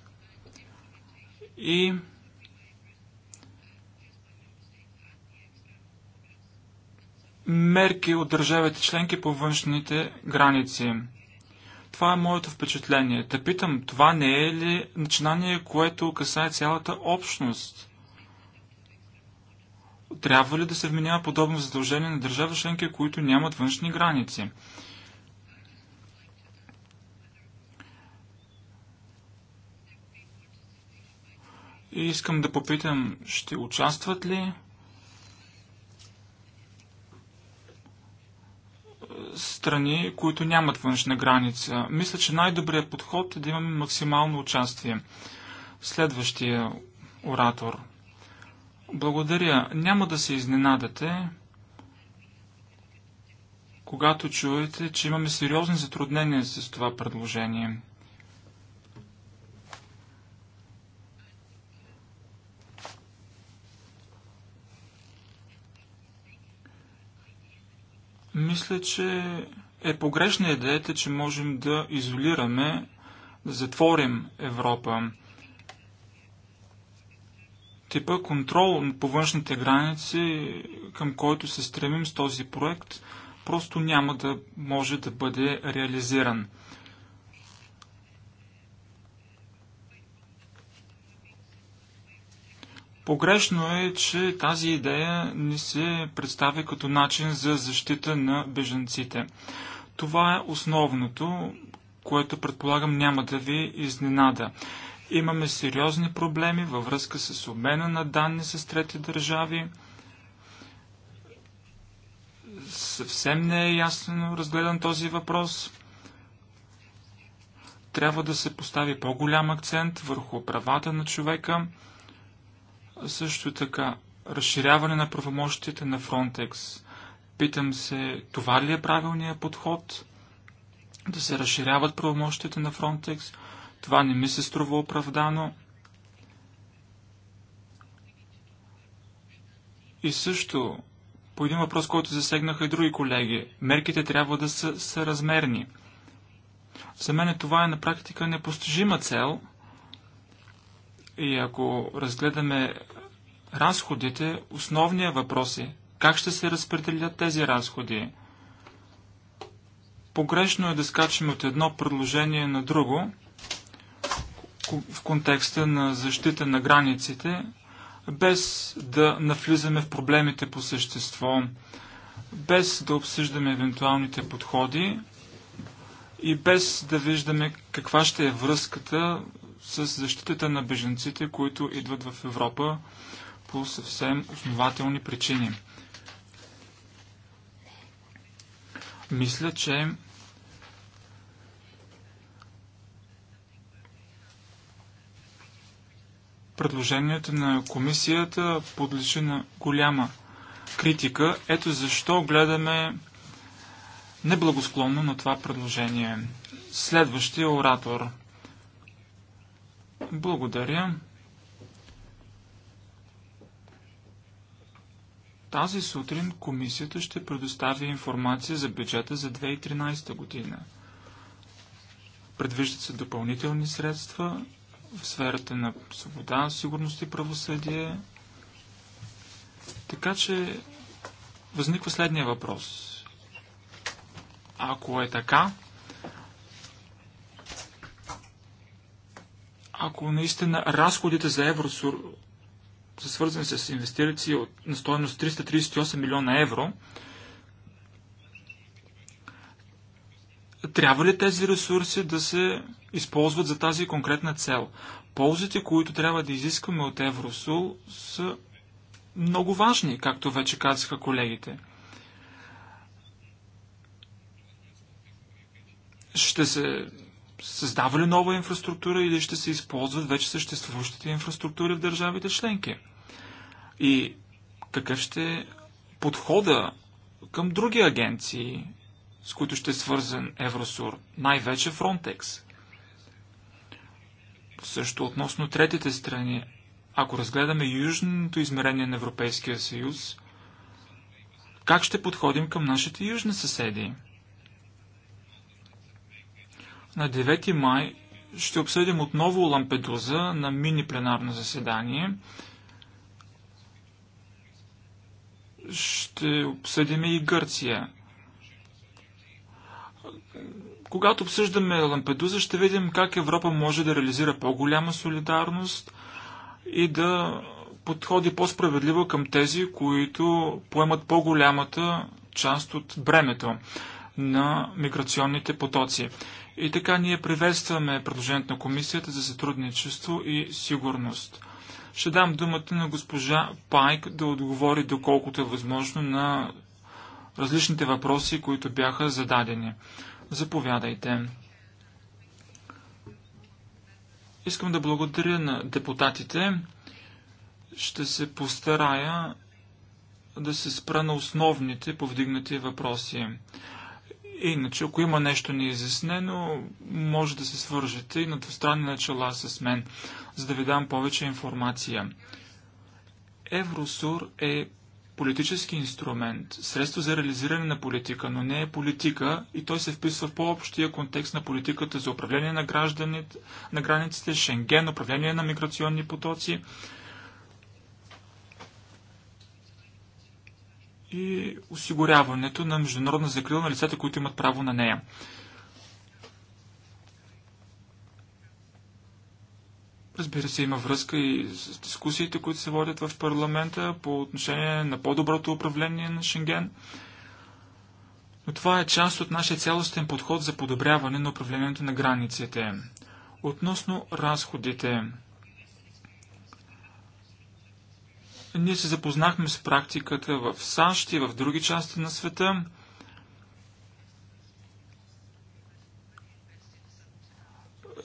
C: и мерки от държавите членки по външните граници. Това е моето впечатление. Та питам, това не е ли начинание, което касае цялата общност? Трябва ли да се вменява подобно задължение на държави членки, които нямат външни граници? И искам да попитам, ще участват ли страни, които нямат външна граница. Мисля, че най-добрият подход е да имаме максимално участие. Следващия оратор. Благодаря. Няма да се изненадате, когато чуете, че имаме сериозни затруднения с това предложение. Мисля, че е погрешна идеята, че можем да изолираме, да затворим Европа. Типа контрол по външните граници, към който се стремим с този проект, просто няма да може да бъде реализиран. Погрешно е, че тази идея не се представя като начин за защита на бежанците. Това е основното, което предполагам няма да ви изненада. Имаме сериозни проблеми във връзка с обмена на данни с трети държави. Съвсем не е ясно разгледан този въпрос. Трябва да се постави по-голям акцент върху правата на човека – също така, разширяване на правомощите на Frontex. Питам се, това ли е правилният подход? Да се разширяват правомощите на Frontex? Това не ми се струва оправдано. И също, по един въпрос, който засегнаха и други колеги, мерките трябва да са, са размерни. За мен това е на практика непостижима цел – и ако разгледаме разходите, основният въпрос е как ще се разпределят тези разходи. Погрешно е да скачаме от едно предложение на друго в контекста на защита на границите, без да навлизаме в проблемите по същество, без да обсъждаме евентуалните подходи и без да виждаме каква ще е връзката с защитата на беженците, които идват в Европа по съвсем основателни причини. Мисля, че предложението на комисията подлежи на голяма критика. Ето защо гледаме неблагосклонно на това предложение. Следващия оратор – благодаря. Тази сутрин комисията ще предостави информация за бюджета за 2013 година. Предвиждат се допълнителни средства в сферата на свобода, сигурност и правосъдие. Така че възниква следния въпрос. Ако е така, ако наистина разходите за Евросур са свързани с инвестиции от, на стоеност 338 милиона евро, трябва ли тези ресурси да се използват за тази конкретна цел? Ползите, които трябва да изискаме от Евросул, са много важни, както вече казаха колегите. Ще се създава ли нова инфраструктура или ще се използват вече съществуващите инфраструктури в държавите членки? И какъв ще е подхода към други агенции, с които ще е свързан Евросур, най-вече Фронтекс? Също относно третите страни, ако разгледаме южното измерение на Европейския съюз, как ще подходим към нашите южни съседи? На 9 май ще обсъдим отново Лампедуза на мини пленарно заседание. Ще обсъдим и Гърция. Когато обсъждаме Лампедуза, ще видим как Европа може да реализира по-голяма солидарност и да подходи по-справедливо към тези, които поемат по-голямата част от бремето на миграционните потоци. И така ние приветстваме предложението на Комисията за сътрудничество и сигурност. Ще дам думата на госпожа Пайк да отговори доколкото е възможно на различните въпроси, които бяха зададени. Заповядайте. Искам да благодаря на депутатите. Ще се постарая да се спра на основните повдигнати въпроси. Иначе, ако има нещо неизяснено, може да се свържете и на двустранни начала с мен, за да ви дам повече информация. Евросур е политически инструмент, средство за реализиране на политика, но не е политика и той се вписва в по-общия контекст на политиката за управление на гражданите, на границите, Шенген, управление на миграционни потоци. и осигуряването на международна закрила на лицата, които имат право на нея. Разбира се, има връзка и с дискусиите, които се водят в парламента по отношение на по-доброто управление на Шенген. Но това е част от нашия цялостен подход за подобряване на управлението на границите. Относно разходите, Ние се запознахме с практиката в САЩ и в други части на света.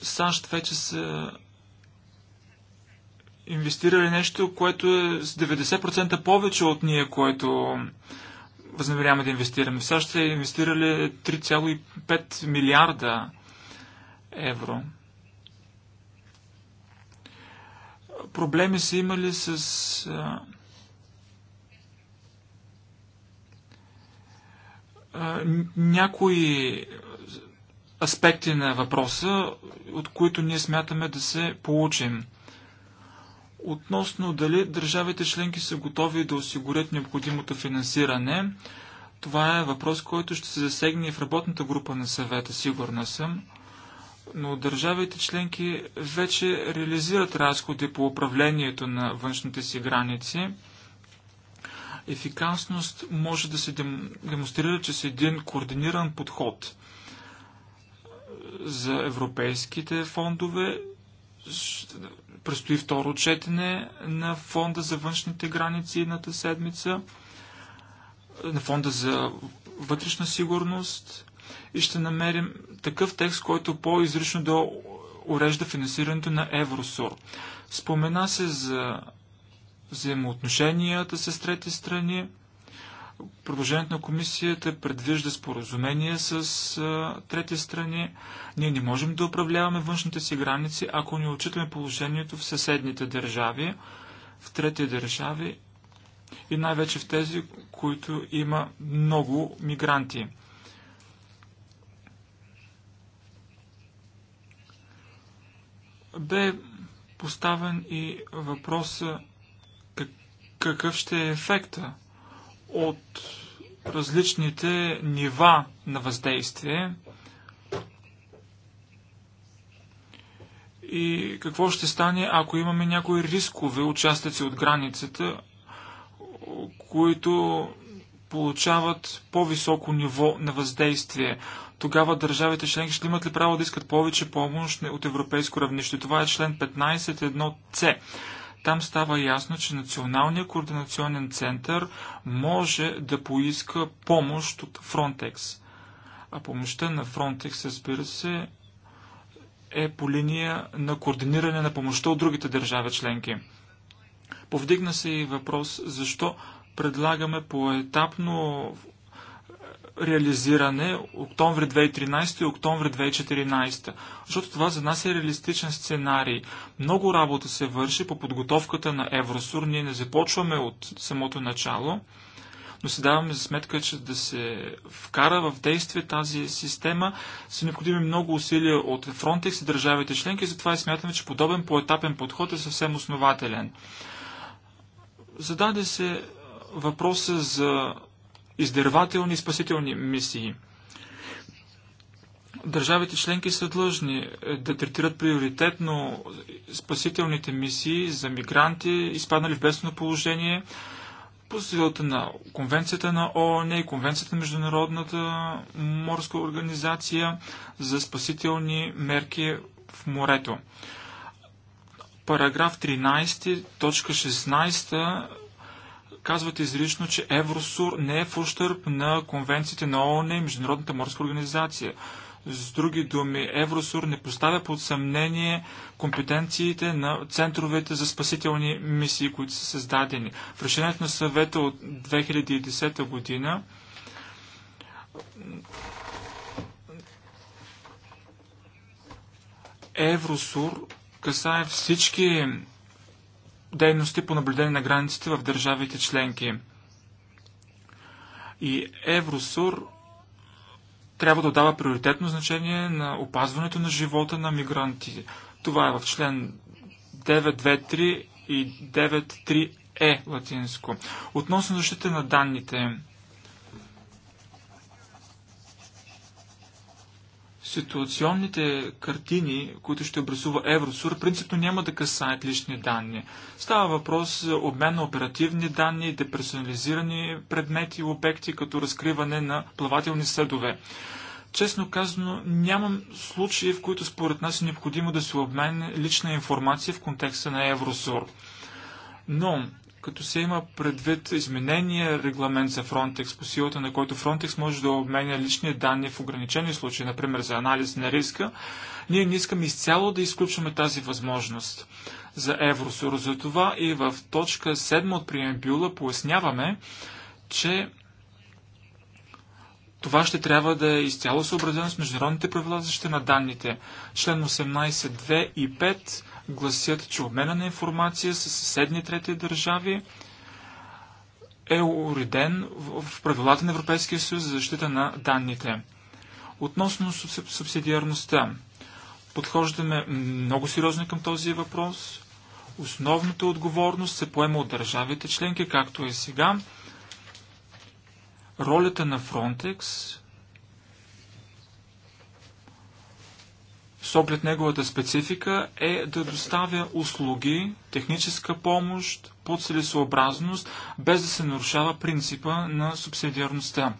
C: САЩ вече са инвестирали нещо, което е с 90% повече от ние, което възнамеряваме да инвестираме. В САЩ са инвестирали 3,5 милиарда евро. проблеми са имали с а, а, някои аспекти на въпроса, от които ние смятаме да се получим. Относно дали държавите членки са готови да осигурят необходимото финансиране, това е въпрос, който ще се засегне и в работната група на съвета, сигурна съм но държавите членки вече реализират разходи по управлението на външните си граници. Ефикасност може да се демонстрира чрез един координиран подход за европейските фондове. предстои второ четене на фонда за външните граници едната седмица, на фонда за вътрешна сигурност и ще намерим такъв текст, който по-изрично да урежда финансирането на Евросур. Спомена се за взаимоотношенията с трети страни. Продължението на комисията предвижда споразумение с а, трети страни. Ние не можем да управляваме външните си граници, ако не отчитаме положението в съседните държави, в трети държави и най-вече в тези, които има много мигранти. Бе поставен и въпроса какъв ще е ефекта от различните нива на въздействие и какво ще стане, ако имаме някои рискове, участъци от границата, които получават по-високо ниво на въздействие тогава държавите членки ще имат ли право да искат повече помощ от европейско равнище? Това е член 15.1c. Там става ясно, че Националният координационен център може да поиска помощ от Frontex. А помощта на Frontex, разбира се, е по линия на координиране на помощта от другите държави членки. Повдигна се и въпрос защо предлагаме поетапно реализиране октомври 2013 и октомври 2014. Защото това за нас е реалистичен сценарий. Много работа се върши по подготовката на Евросур. Ние не започваме от самото начало, но се даваме за сметка, че да се вкара в действие тази система са необходими много усилия от Frontex и държавите членки, затова и смятаме, че подобен поетапен подход е съвсем основателен. Зададе се въпроса за Издервателни и спасителни мисии. Държавите членки са длъжни е, да третират приоритетно спасителните мисии за мигранти, изпаднали в бедствено положение, по силата на Конвенцията на ООН и Конвенцията на Международната морска организация за спасителни мерки в морето. Параграф 13, точка 16 казват изрично, че Евросур не е в ущърп на конвенциите на ООН и Международната морска организация. С други думи, Евросур не поставя под съмнение компетенциите на центровете за спасителни мисии, които са създадени. В решението на съвета от 2010 година Евросур касае всички дейности по наблюдение на границите в държавите членки. И Евросур трябва да дава приоритетно значение на опазването на живота на мигранти. Това е в член 923 и 93 е латинско. Относно защита на данните, ситуационните картини, които ще образува Евросур, принципно няма да касаят лични данни. Става въпрос за обмен на оперативни данни, деперсонализирани предмети и обекти, като разкриване на плавателни съдове. Честно казано, нямам случаи, в които според нас е необходимо да се обмен лична информация в контекста на Евросур. Но като се има предвид изменения регламент за Frontex, по силата на който Frontex може да обменя лични данни в ограничени случаи, например за анализ на риска, ние не искаме изцяло да изключваме тази възможност за Евросур. Затова и в точка 7 от приембюла поясняваме, че това ще трябва да е изцяло съобразено с международните правила защита на данните. Член 18.2 и 5 гласят, че обмена на информация с съседни трети държави е уреден в правилата на Европейския съюз за защита на данните. Относно субсидиарността, подхождаме много сериозно към този въпрос. Основната отговорност се поема от държавите членки, както е сега. Ролята на Фронтекс с оглед неговата специфика, е да доставя услуги, техническа помощ по целесообразност, без да се нарушава принципа на субсидиарността.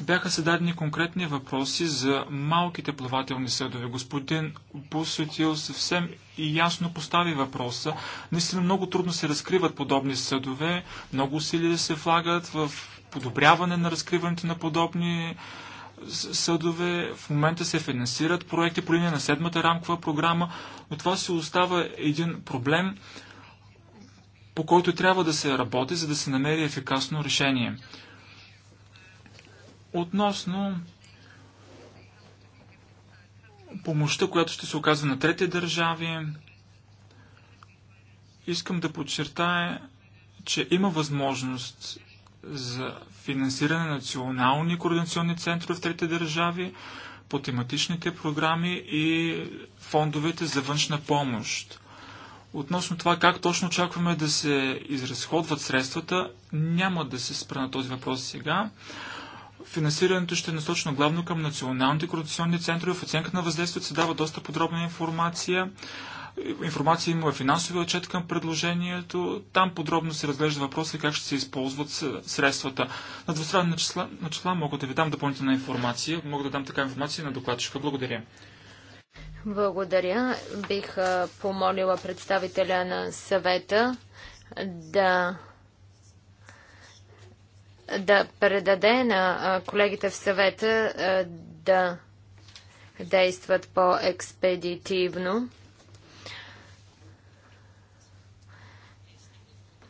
C: Бяха се дадени конкретни въпроси за малките плавателни съдове. Господин Бусотил съвсем и ясно постави въпроса. Наистина много трудно се разкриват подобни съдове, много усилия се влагат в подобряване на разкриването на подобни съдове съдове. В момента се финансират проекти по линия на седмата рамкова програма, но това се остава един проблем, по който трябва да се работи, за да се намери ефикасно решение. Относно помощта, която ще се оказва на трети държави, искам да подчертая, че има възможност за финансиране на национални координационни центрове в трети държави по тематичните програми и фондовете за външна помощ. Относно това как точно очакваме да се изразходват средствата, няма да се спра на този въпрос сега. Финансирането ще е насочено главно към националните координационни центрове. В оценка на въздействието се дава доста подробна информация Информация има в финансовия отчет към предложението. Там подробно се разглежда въпроса как ще се използват средствата. На двустранни числа, на числа мога да ви дам допълнителна информация. Мога да дам така информация на докладчика. Благодаря.
B: Благодаря. Бих помолила представителя на съвета да да предаде на колегите в съвета да действат по-експедитивно.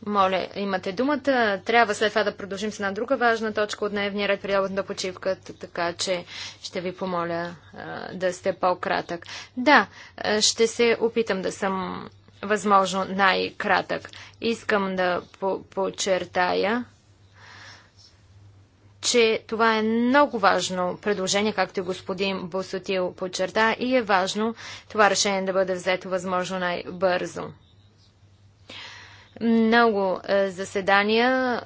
B: Моля, имате думата. Трябва след това да продължим с една друга важна точка от дневния ред при обедната почивка, така че ще ви помоля а, да сте по-кратък. Да, ще се опитам да съм възможно най-кратък. Искам да по подчертая, че това е много важно предложение, както и господин Босотил подчерта, и е важно това решение да бъде взето възможно най-бързо. Много е, заседания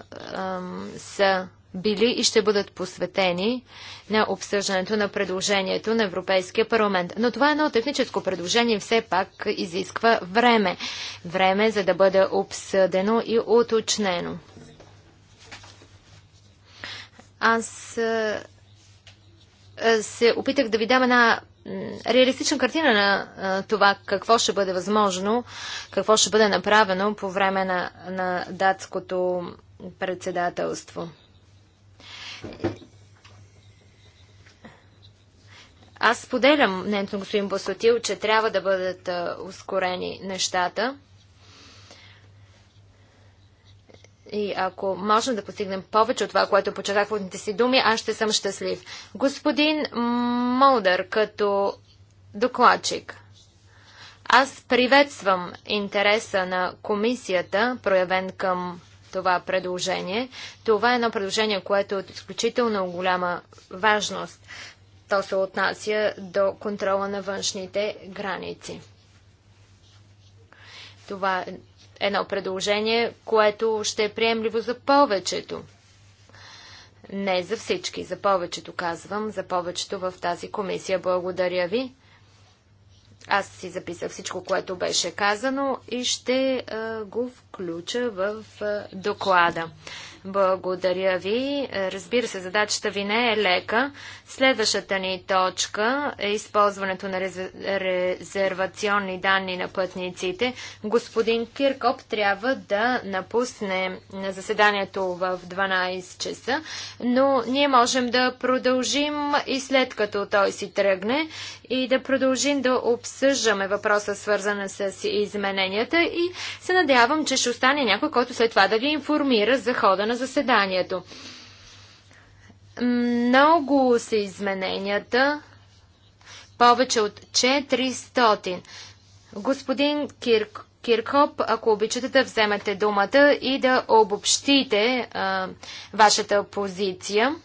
B: са били и ще бъдат посветени на обсъждането на предложението на Европейския парламент. Но това е едно техническо предложение, все пак изисква време. Време, за да бъде обсъдено и уточнено. Аз е, е, се опитах да ви дам една реалистична картина на това какво ще бъде възможно, какво ще бъде направено по време на, на датското председателство. Аз споделям мнението на господин Босотил, че трябва да бъдат ускорени нещата. И ако можем да постигнем повече от това, което почерах в си думи, аз ще съм щастлив. Господин Молдър, като докладчик, аз приветствам интереса на комисията, проявен към това предложение. Това е едно предложение, което е от изключително голяма важност. То се отнася до контрола на външните граници. Това е едно предложение, което ще е приемливо за повечето. Не за всички, за повечето казвам, за повечето в тази комисия. Благодаря ви. Аз си записах всичко, което беше казано и ще а, го включа в доклада. Благодаря ви. Разбира се, задачата ви не е лека. Следващата ни точка е използването на резервационни данни на пътниците. Господин Киркоп трябва да напусне заседанието в 12 часа, но ние можем да продължим и след като той си тръгне и да продължим да обсъждаме въпроса свързана с измененията и се надявам, че ще ще остане някой, който след това да ви информира за хода на заседанието. Много са измененията, повече от 400. Господин Кирк, Киркоп, ако обичате да вземете думата и да обобщите а, вашата позиция,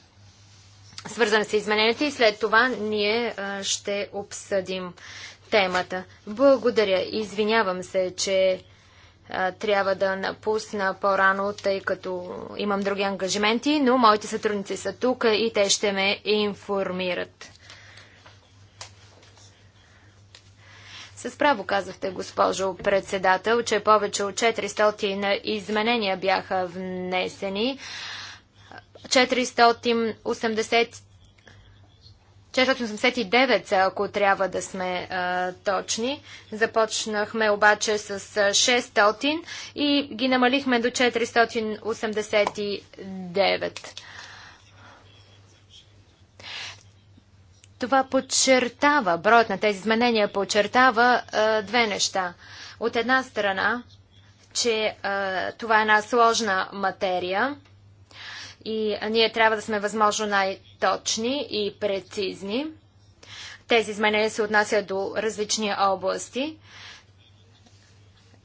B: свързана с измененията и след това ние а, ще обсъдим темата. Благодаря. Извинявам се, че трябва да напусна по-рано, тъй като имам други ангажименти, но моите сътрудници са тук и те ще ме информират. С право казахте, госпожо председател, че повече от 400 изменения бяха внесени. 480. 689 ако трябва да сме а, точни. Започнахме обаче с 600 и ги намалихме до 489. Това подчертава, броят на тези изменения подчертава а, две неща. От една страна, че а, това е една сложна материя и ние трябва да сме възможно най- точни и прецизни. Тези изменения се отнасят до различни области.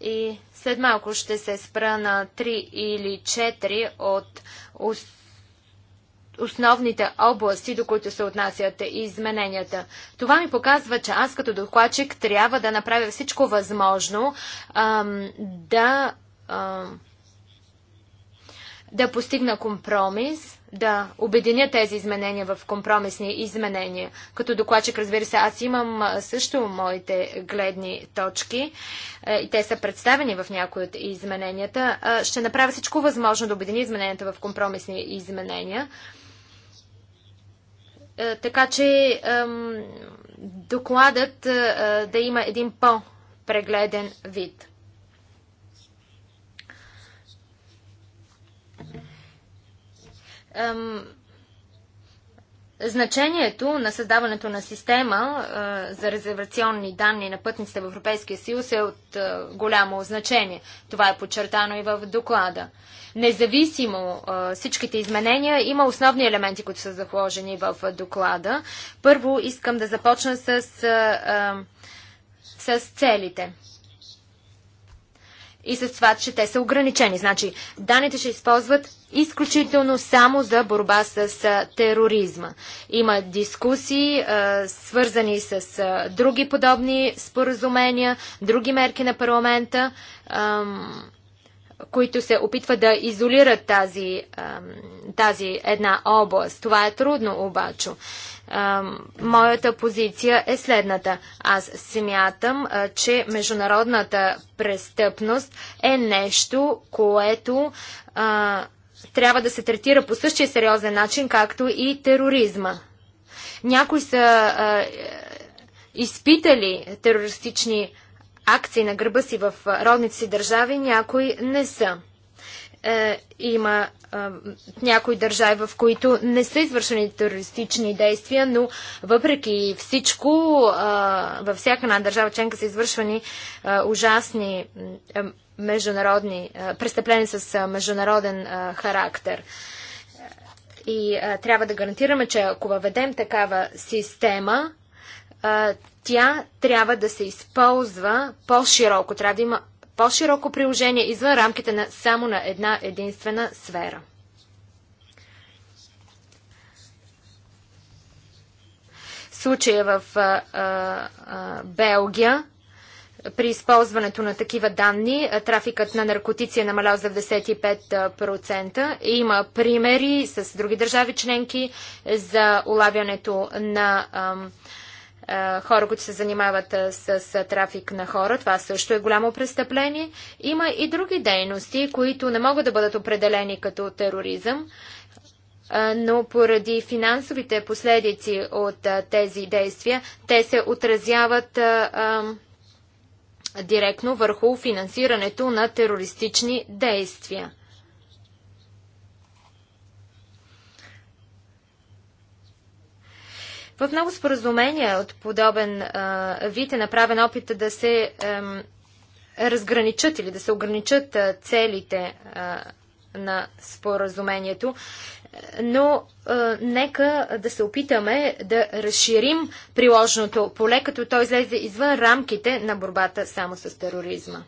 B: И след малко ще се спра на 3 или 4 от основните области, до които се отнасят и измененията. Това ми показва, че аз като докладчик трябва да направя всичко възможно ам, да ам, да постигна компромис, да обединя тези изменения в компромисни изменения. Като докладчик, разбира се, аз имам също моите гледни точки е, и те са представени в някои от измененията. Ще направя всичко възможно да обединя измененията в компромисни изменения. Е, така че докладът е, да има един по-прегледен вид. ем, значението на създаването на система е, за резервационни данни на пътниците в Европейския съюз е от е, голямо значение. Това е подчертано и в доклада. Независимо е, всичките изменения, има основни елементи, които са заложени в доклада. Първо искам да започна с, е, е, с целите и с това, че те са ограничени. Значи, данните ще използват изключително само за борба с тероризма. Има дискусии, свързани с други подобни споразумения, други мерки на парламента, които се опитват да изолират тази, тази една област. Това е трудно обаче. Моята позиция е следната. Аз смятам, че международната престъпност е нещо, което трябва да се третира по същия сериозен начин, както и тероризма. Някои са а, изпитали терористични акции на гърба си в родните си държави, някои не са. Е, има е, някои държави, в които не са извършени терористични действия, но въпреки всичко, е, във всяка една държава членка са извършвани ужасни международни е, престъпления с международен характер. И трябва да гарантираме, че ако въведем такава система, тя трябва да се използва по-широко, трябва да има по-широко приложение извън рамките на само на една единствена сфера. Случая в а, а, Белгия при използването на такива данни трафикът на наркотици е намалял за 95%. Има примери с други държави членки за улавянето на а, хора, които се занимават с, с трафик на хора. Това също е голямо престъпление. Има и други дейности, които не могат да бъдат определени като тероризъм, но поради финансовите последици от тези действия, те се отразяват директно върху финансирането на терористични действия. В много споразумения от подобен а, вид е направен опит да се ам, разграничат или да се ограничат а, целите а, на споразумението, но а, нека да се опитаме да разширим приложното поле, като той излезе извън рамките на борбата само с тероризма.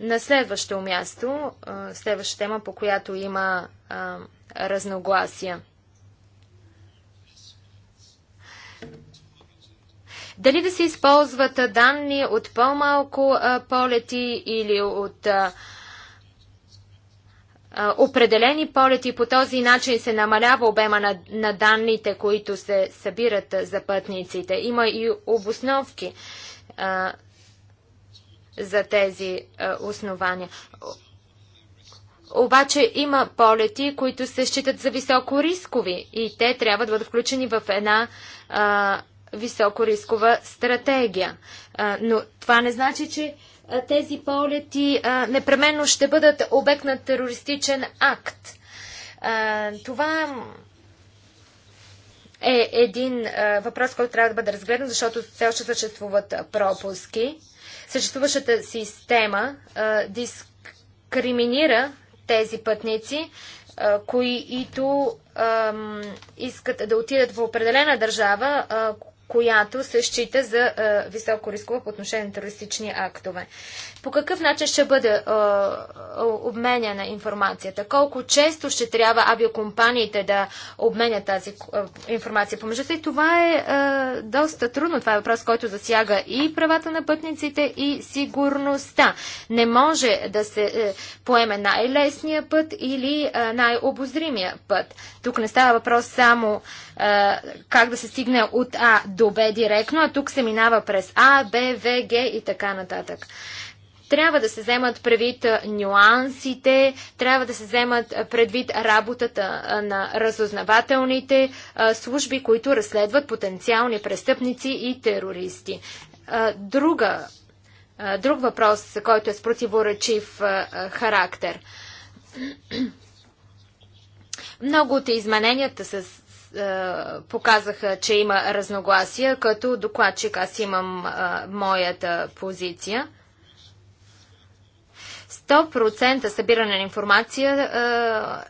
B: На следващо място, а, следваща тема, по която има а, разногласия – Дали да се използват данни от по-малко полети или от определени полети. По този начин се намалява обема на, на данните, които се събират за пътниците. Има и обосновки а, за тези а, основания. Обаче има полети, които се считат за високо рискови и те трябва да бъдат включени в една а, високорискова стратегия. Но това не значи, че тези полети непременно ще бъдат обект на терористичен акт. Това е един въпрос, който трябва да бъде разгледан, защото все още съществуват пропуски. Съществуващата система дискриминира тези пътници, които искат да отидат в определена държава, която се счита за е, високо рискова по отношение на терористични актове. По какъв начин ще бъде е, е, обменяна информацията? Колко често ще трябва авиокомпаниите да обменят тази е, информация помежду си? Това е, е доста трудно. Това е въпрос, който засяга и правата на пътниците, и сигурността. Не може да се е, поеме най-лесния път или е, най-обозримия път. Тук не става въпрос само е, как да се стигне от А до Б директно, а тук се минава през А, Б, В, Г и така нататък. Трябва да се вземат предвид нюансите, трябва да се вземат предвид работата на разузнавателните служби, които разследват потенциални престъпници и терористи. Друга, друг въпрос, който е с противоречив характер. Много от измененията, с, е, показаха, че има разногласия, като докладчик аз имам а, е, моята позиция. 100% събиране на информация а,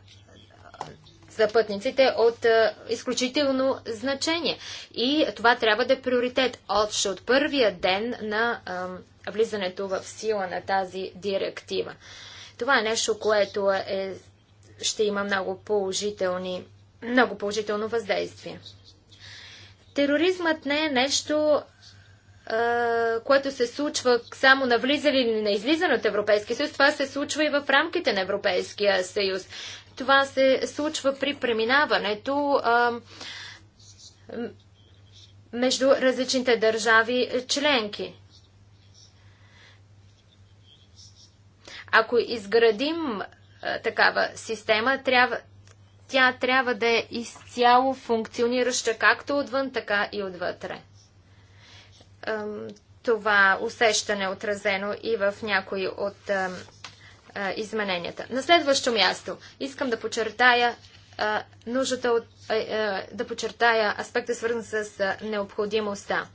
B: е, за пътниците от а, изключително значение. И това трябва да е приоритет. Още от първия ден на а, влизането в сила на тази директива. Това е нещо, което е, ще има много положителни много положително въздействие. Тероризмът не е нещо, което се случва само на влизане или на излизане от Европейския съюз. Това се случва и в рамките на Европейския съюз. Това се случва при преминаването между различните държави членки. Ако изградим такава система, трябва, тя трябва да е изцяло функционираща както отвън, така и отвътре. Това усещане е отразено и в някои от измененията. На следващо място искам да почертая нуждата от, да почертая аспекта свързан с необходимостта.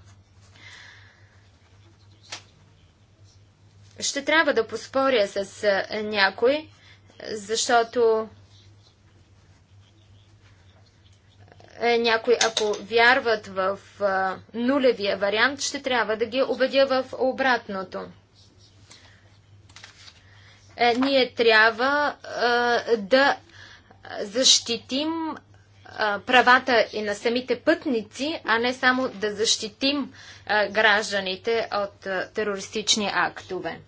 B: Ще трябва да поспоря с някой, защото Е, някои, ако вярват в нулевия вариант, ще трябва да ги убедя в обратното. Е, ние трябва да защитим правата и на самите пътници, а не само да защитим гражданите от терористични актове.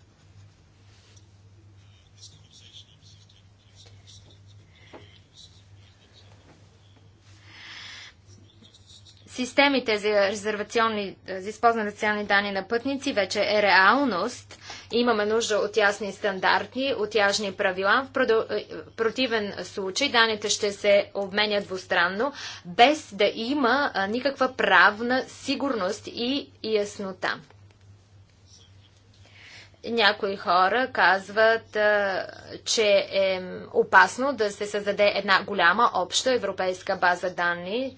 B: Системите за, резервационни, е, за използване на социални данни на пътници вече е реалност. Имаме нужда от ясни стандарти, от ясни правила. В е, противен случай данните ще се обменят двустранно, без да има е, никаква правна сигурност и яснота. Някои хора казват, че е опасно да се създаде една голяма обща европейска база данни,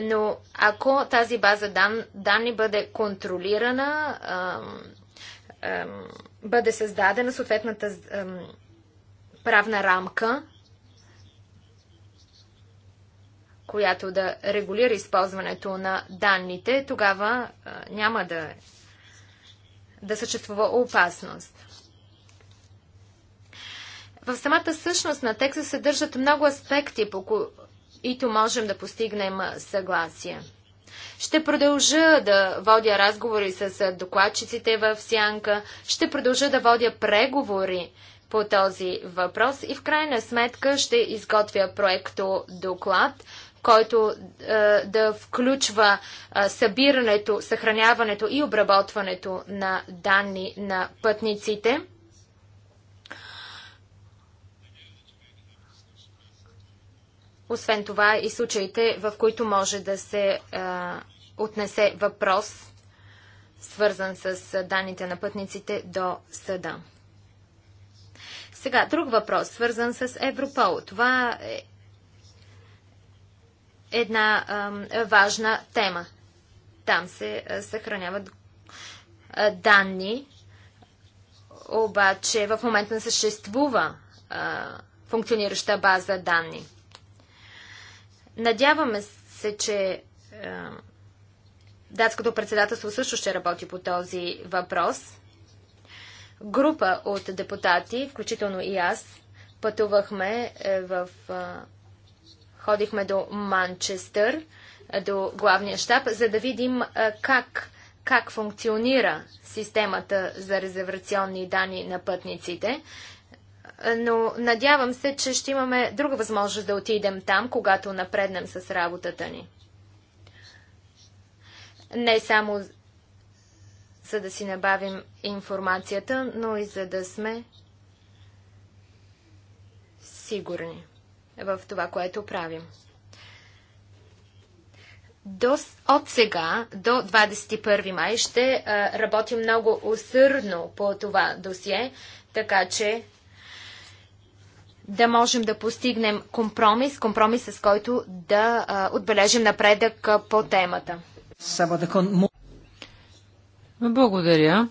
B: но ако тази база дан, данни бъде контролирана, бъде създадена съответната правна рамка, която да регулира използването на данните, тогава няма да, да съществува опасност. В самата същност на текста съдържат много аспекти, по които можем да постигнем съгласие. Ще продължа да водя разговори с докладчиците в Сянка, ще продължа да водя преговори по този въпрос и в крайна сметка ще изготвя проекто доклад, който е, да включва е, събирането, съхраняването и обработването на данни на пътниците – Освен това и случаите, в които може да се а, отнесе въпрос, свързан с данните на пътниците до съда. Сега, друг въпрос, свързан с Европол. Това е една а, важна тема. Там се а, съхраняват а, данни, обаче в момента не съществува а, функционираща база данни. Надяваме се, че е, датското председателство също ще работи по този въпрос. Група от депутати, включително и аз, пътувахме е, в... Е, ходихме до Манчестър, до главния щаб, за да видим как, как функционира системата за резервационни данни на пътниците но надявам се, че ще имаме друга възможност да отидем там, когато напреднем с работата ни. Не само за да си набавим информацията, но и за да сме сигурни в това, което правим. До, от сега до 21 май ще а, работим много усърдно по това досие, така че да можем да постигнем компромис, компромис с който да а, отбележим напредък а, по темата.
A: Благодаря.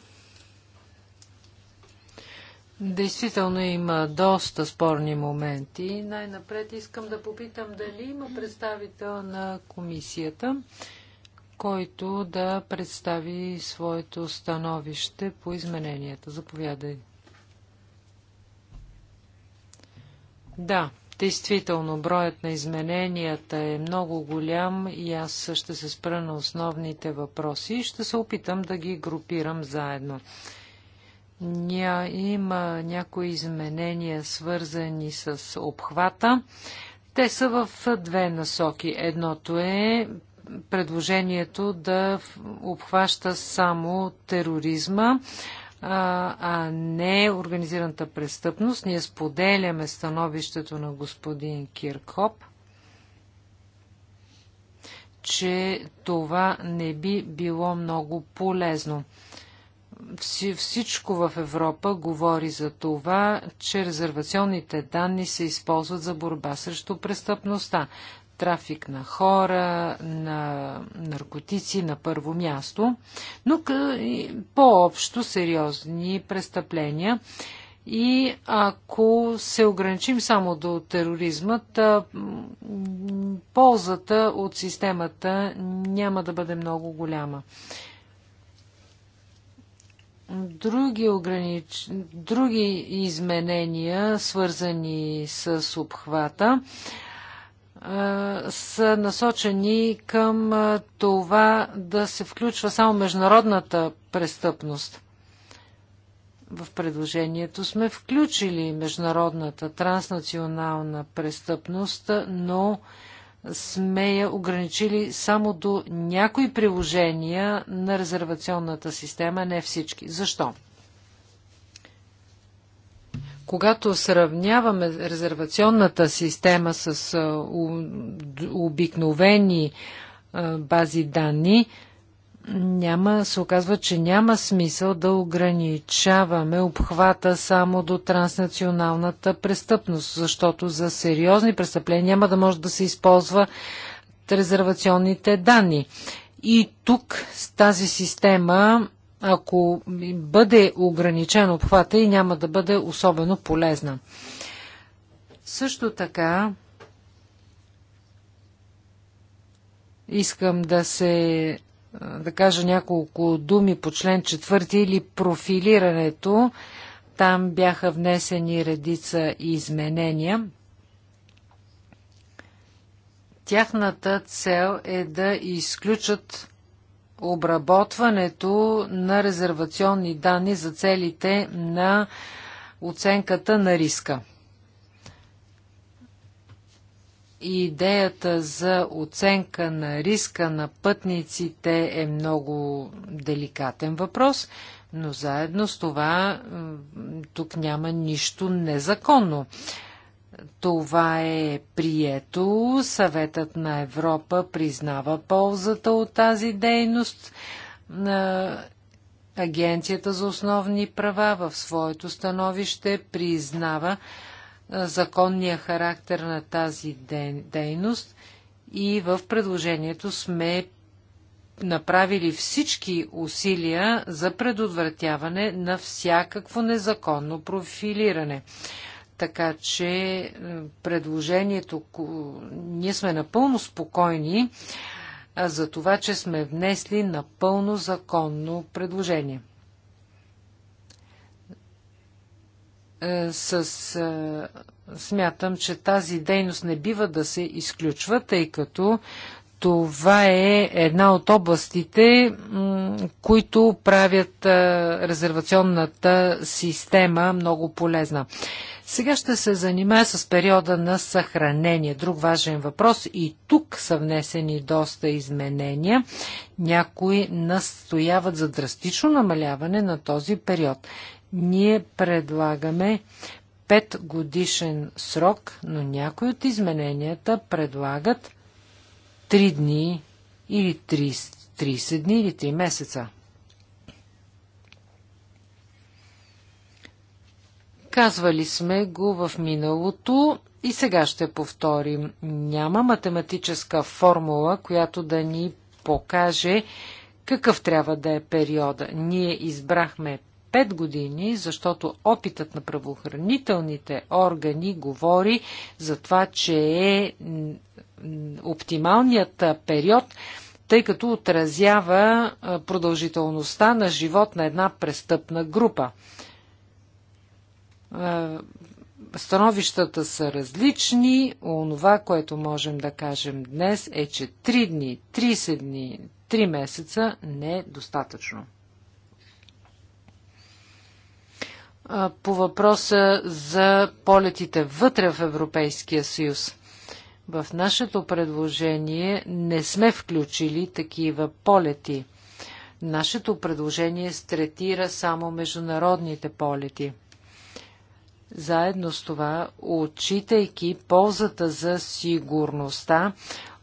A: Действително има доста спорни моменти. Най-напред искам да попитам дали има представител на комисията, който да представи своето становище по измененията. Заповядайте. Да, действително броят на измененията е много голям и аз ще се спра на основните въпроси и ще се опитам да ги групирам заедно. Ня, има някои изменения, свързани с обхвата. Те са в две насоки. Едното е предложението да обхваща само тероризма, а не организираната престъпност. Ние споделяме становището на господин Киркоп, че това не би било много полезно. Всичко в Европа говори за това, че резервационните данни се използват за борба срещу престъпността трафик на хора, на наркотици на първо място, но по-общо сериозни престъпления. И ако се ограничим само до тероризма, ползата от системата няма да бъде много голяма. Други, огранич... Други изменения, свързани с обхвата, са насочени към това да се включва само международната престъпност. В предложението сме включили международната транснационална престъпност, но сме я ограничили само до някои приложения на резервационната система, не всички. Защо? Когато сравняваме резервационната система с обикновени бази данни, няма, се оказва, че няма смисъл да ограничаваме обхвата само до транснационалната престъпност, защото за сериозни престъпления няма да може да се използва резервационните данни. И тук с тази система ако бъде ограничен обхвата и няма да бъде особено полезна. Също така искам да се да кажа няколко думи по член 4 или профилирането. Там бяха внесени редица изменения. Тяхната цел е да изключат обработването на резервационни данни за целите на оценката на риска. Идеята за оценка на риска на пътниците е много деликатен въпрос, но заедно с това тук няма нищо незаконно. Това е прието. Съветът на Европа признава ползата от тази дейност. Агенцията за основни права в своето становище признава законния характер на тази дейност и в предложението сме направили всички усилия за предотвратяване на всякакво незаконно профилиране. Така че е, предложението, ние сме напълно спокойни е, за това, че сме внесли напълно законно предложение. Е, с, смятам, че тази дейност не бива да се изключва, тъй като това е една от областите, които правят резервационната система много полезна. Сега ще се занимая с периода на съхранение. Друг важен въпрос и тук са внесени доста изменения. Някои настояват за драстично намаляване на този период. Ние предлагаме 5 годишен срок, но някои от измененията предлагат 3 дни или 30, 30 дни или 3 месеца. Казвали сме го в миналото и сега ще повторим. Няма математическа формула, която да ни покаже какъв трябва да е периода. Ние избрахме 5 години, защото опитът на правоохранителните органи говори за това, че е оптималният период, тъй като отразява продължителността на живот на една престъпна група. Е, становищата са различни. Онова, което можем да кажем днес е, че 3 дни, 30 дни, 3 месеца не е достатъчно. Е, по въпроса за полетите вътре в Европейския съюз. В нашето предложение не сме включили такива полети. Нашето предложение стретира само международните полети – заедно с това, отчитайки ползата за сигурността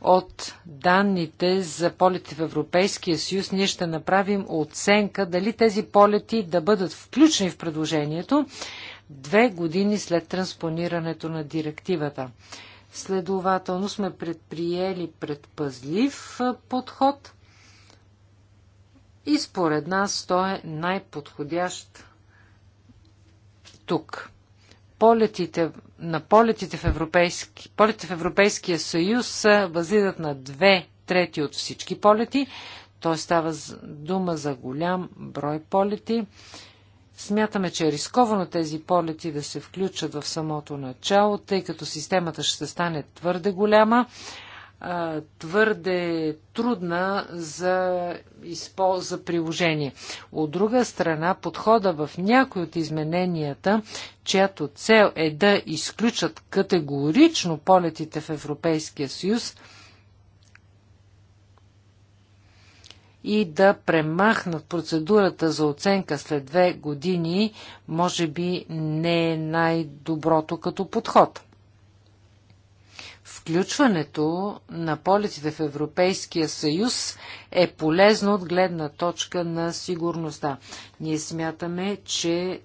A: от данните за полети в Европейския съюз, ние ще направим оценка дали тези полети да бъдат включени в предложението две години след транспонирането на директивата. Следователно сме предприели предпазлив подход и според нас той е най-подходящ тук полетите, на полетите в, европейски, полетите в Европейския съюз възлизат на две трети от всички полети, т.е. става дума за голям брой полети. Смятаме, че е рисковано тези полети да се включат в самото начало, тъй като системата ще стане твърде голяма твърде трудна за, изпол... за приложение. От друга страна, подхода в някои от измененията, чиято цел е да изключат категорично полетите в Европейския съюз, и да премахнат процедурата за оценка след две години, може би не е най-доброто като подход. Включването на полетите в Европейския съюз е полезно от гледна точка на сигурността. Ние смятаме, че е,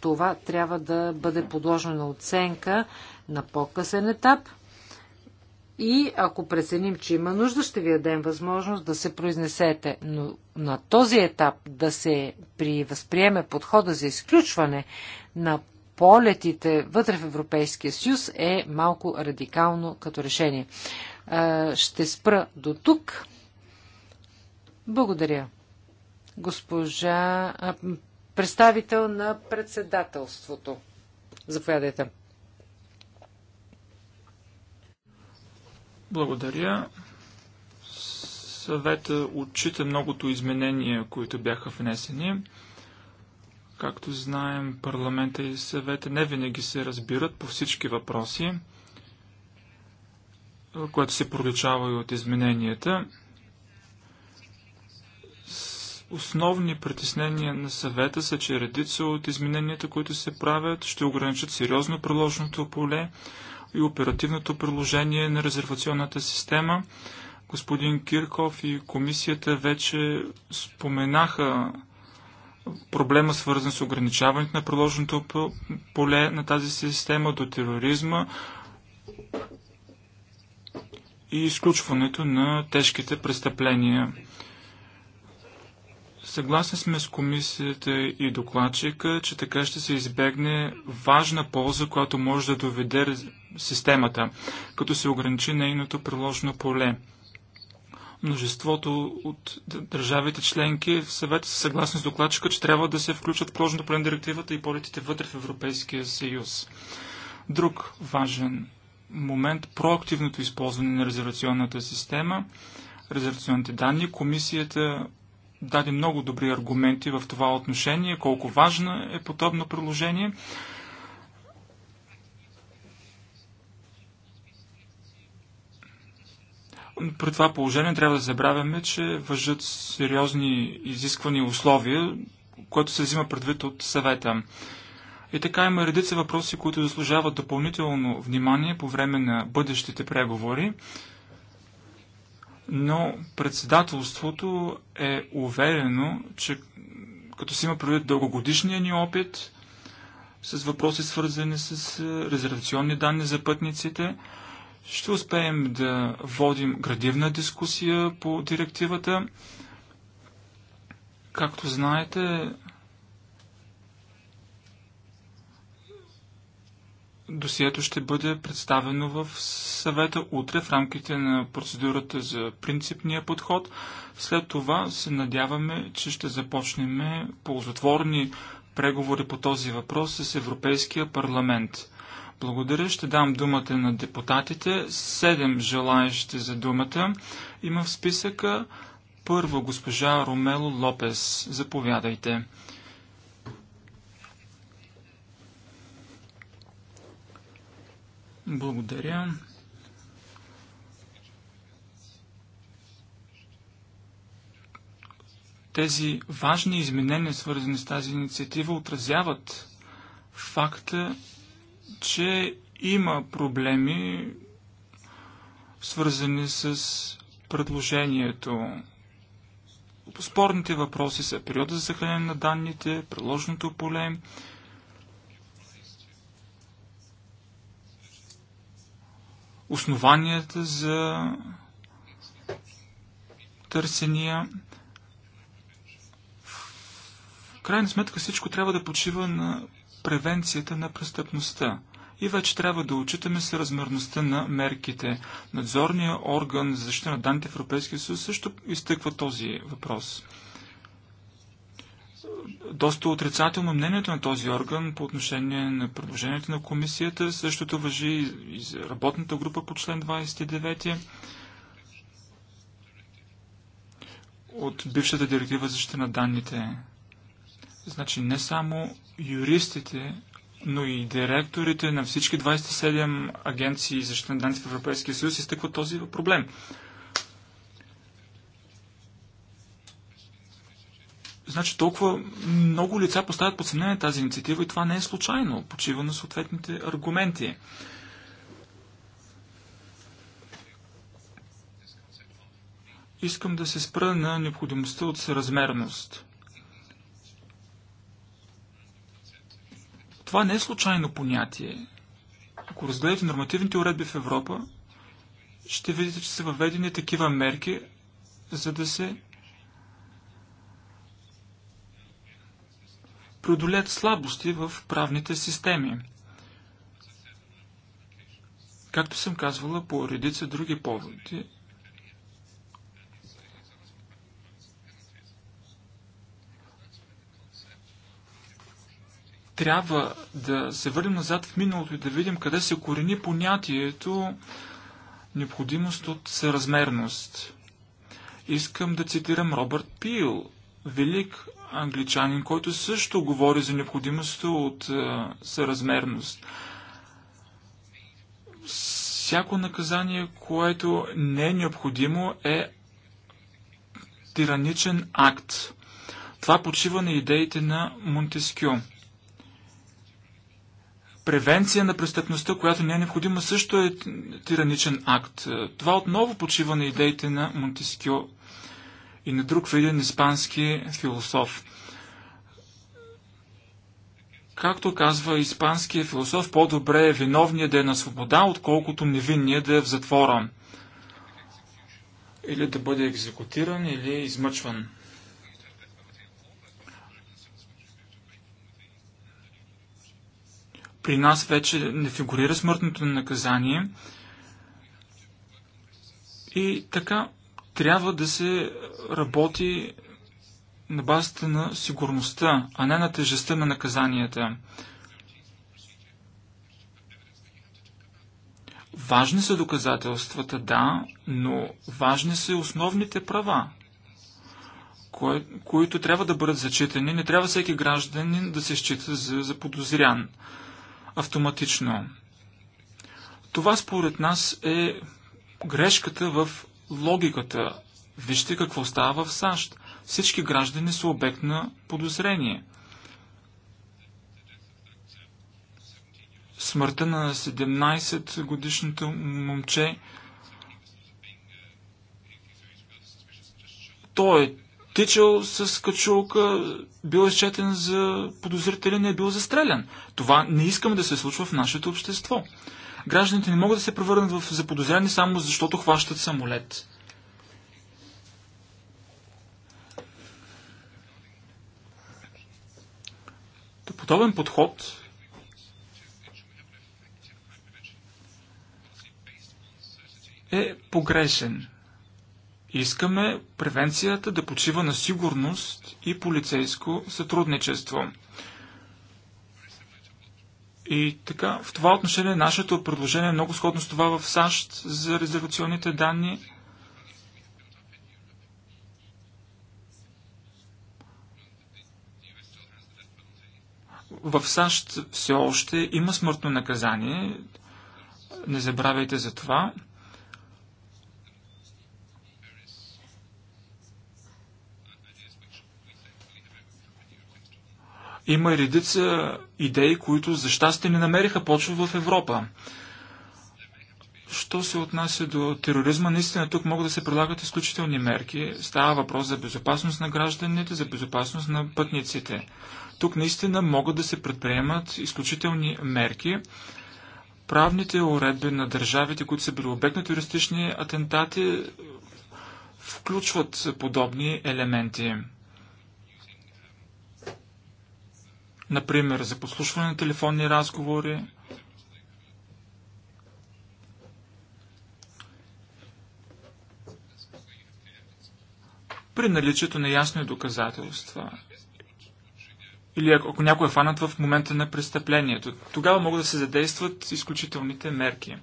A: това трябва да бъде подложено на оценка на по-късен етап. И ако преценим, че има нужда, ще ви дадем възможност да се произнесете. Но на този етап да се при възприеме подхода за изключване на полетите вътре в Европейския съюз е малко радикално като решение. Ще спра до тук. Благодаря. Госпожа представител на председателството. Заповядайте.
C: Благодаря. Съвета отчита многото изменения, които бяха внесени. Както знаем, парламента и съвета не винаги се разбират по всички въпроси, което се проличава и от измененията. Основни притеснения на съвета са, че редица от измененията, които се правят, ще ограничат сериозно приложното поле и оперативното приложение на резервационната система. Господин Кирков и комисията вече споменаха проблема свързан с ограничаването на приложеното поле на тази система до тероризма и изключването на тежките престъпления. Съгласни сме с комисията и докладчика, че така ще се избегне важна полза, която може да доведе системата, като се ограничи нейното приложено поле. Множеството от държавите членки в съвета са съгласни с докладчика, че трябва да се включат в приложното поле на директивата и полетите вътре в Европейския съюз. Друг важен момент – проактивното използване на резервационната система, резервационните данни. Комисията даде много добри аргументи в това отношение, колко важно е подобно приложение – При това положение трябва да забравяме, че въжат сериозни изисквани условия, което се взима предвид от съвета. И така има редица въпроси, които заслужават допълнително внимание по време на бъдещите преговори, но председателството е уверено, че като си има предвид дългогодишния ни опит с въпроси свързани с резервационни данни за пътниците, ще успеем да водим градивна дискусия по директивата. Както знаете, досието ще бъде представено в съвета утре в рамките на процедурата за принципния подход. След това се надяваме, че ще започнем ползотворни преговори по този въпрос с Европейския парламент. Благодаря. Ще дам думата на депутатите. Седем желаящи за думата има в списъка. Първо госпожа Ромело Лопес. Заповядайте. Благодаря. Тези важни изменения, свързани с тази инициатива, отразяват факта, че има проблеми, свързани с предложението. Спорните въпроси са периода за съхранение на данните, приложното поле, основанията за търсения. В крайна сметка всичко трябва да почива на превенцията на престъпността. И вече трябва да отчитаме съразмерността на мерките. Надзорният орган за защита на данните в Европейския съюз също изтъква този въпрос. Доста отрицателно мнението на този орган по отношение на предложението на комисията. Същото въжи и за работната група по член 29 от бившата директива за защита на данните. Значи не само юристите но и директорите на всички 27 агенции за защита на данните в Европейския съюз изтъкват този проблем. Значи толкова много лица поставят под съмнение тази инициатива и това не е случайно. Почива на съответните аргументи. Искам да се спра на необходимостта от съразмерност. Това не е случайно понятие. Ако разгледате нормативните уредби в Европа, ще видите, че са въведени такива мерки, за да се преодолят слабости в правните системи. Както съм казвала по редица други поводи, трябва да се върнем назад в миналото и да видим къде се корени понятието необходимост от съразмерност. Искам да цитирам Робърт Пил, велик англичанин, който също говори за необходимост от е, съразмерност. Всяко наказание, което не е необходимо, е тираничен акт. Това почива на идеите на Монтескю превенция на престъпността, която не е необходима, също е тираничен акт. Е, това отново почива на идеите на Монтескио и на друг виден испански философ. Както казва испанският философ, по-добре е виновният да е на свобода, отколкото невинният да е в затвора. Или да бъде екзекутиран, или измъчван. При нас вече не фигурира смъртното наказание. И така трябва да се работи на базата на сигурността, а не на тежестта на наказанията. Важни са доказателствата, да, но важни са и основните права, кои, които трябва да бъдат зачитани. Не трябва всеки гражданин да се счита за, за подозрян автоматично. Това според нас е грешката в логиката. Вижте какво става в САЩ. Всички граждани са обект на подозрение. Смъртта на 17 годишното момче. То е тичал с качулка, бил изчетен за подозрителен и е бил застрелян. Това не искаме да се случва в нашето общество. Гражданите не могат да се превърнат в заподозрени само защото хващат самолет. Подобен подход е погрешен. Искаме превенцията да почива на сигурност и полицейско сътрудничество. И така, в това отношение нашето предложение е много сходно с това в САЩ за резервационните данни. В САЩ все още има смъртно наказание. Не забравяйте за това. Има редица идеи, които за щастие не намериха почва в Европа. Що се отнася до тероризма, наистина тук могат да се прилагат изключителни мерки. Става въпрос за безопасност на гражданите, за безопасност на пътниците. Тук наистина могат да се предприемат изключителни мерки. Правните уредби на държавите, които са били обект на терористични атентати, включват подобни елементи. Например, за послушване на телефонни разговори, при наличието на ясни доказателства. Или ако някой е фанат в момента на престъплението, тогава могат да се задействат изключителните мерки.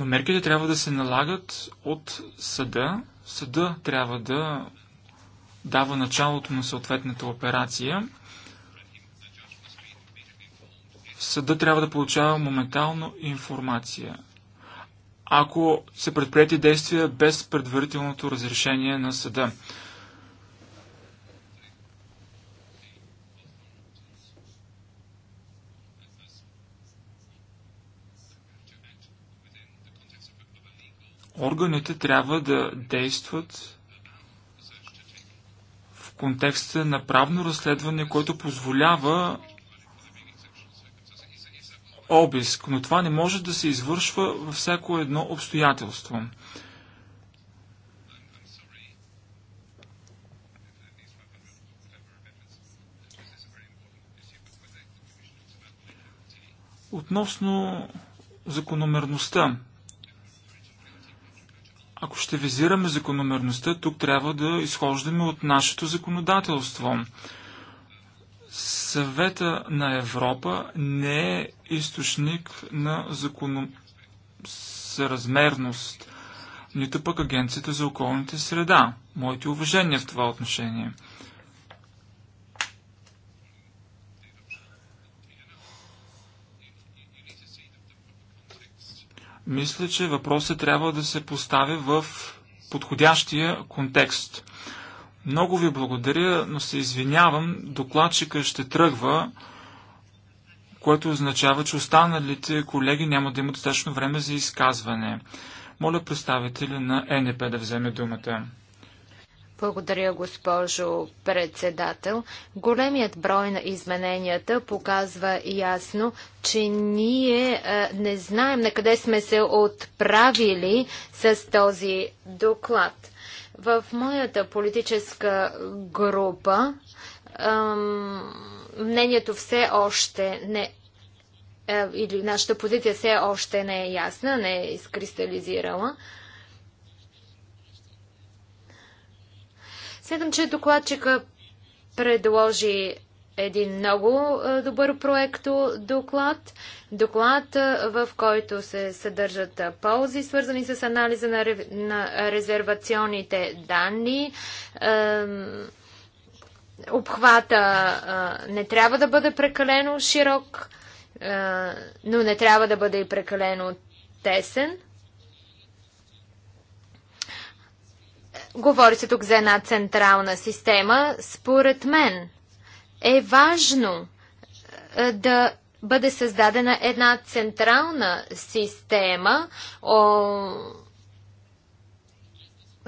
C: Но мерките трябва да се налагат от съда. Съда трябва да дава началото на съответната операция. Съда трябва да получава моментално информация. Ако се предприяти действия без предварителното разрешение на съда. Органите трябва да действат в контекста на правно разследване, което позволява обиск, но това не може да се извършва във всяко едно обстоятелство. Относно закономерността, ако ще визираме закономерността, тук трябва да изхождаме от нашето законодателство. Съвета на Европа не е източник на съразмерност, нито пък Агенцията за околните среда. Моите уважения в това отношение – Мисля, че въпросът трябва да се постави в подходящия контекст. Много ви благодаря, но се извинявам, докладчика ще тръгва, което означава, че останалите колеги няма да имат достатъчно време за изказване. Моля представители на НП да вземе думата.
B: Благодаря, госпожо председател. Големият брой на измененията показва ясно, че ние а, е, не знаем на къде сме се отправили с този доклад. В моята политическа група ам, мнението все още не е, или нашата позиция все още не е ясна, не е изкристализирала. Следвам, че докладчика предложи един много е, добър проекто доклад. Доклад, е, в който се съдържат е, ползи, свързани с анализа на, резервационните данни. Обхвата не трябва да бъде прекалено широк, но не трябва да бъде и прекалено тесен. Говори се тук за една централна система. Според мен е важно е, да бъде създадена една централна система, о,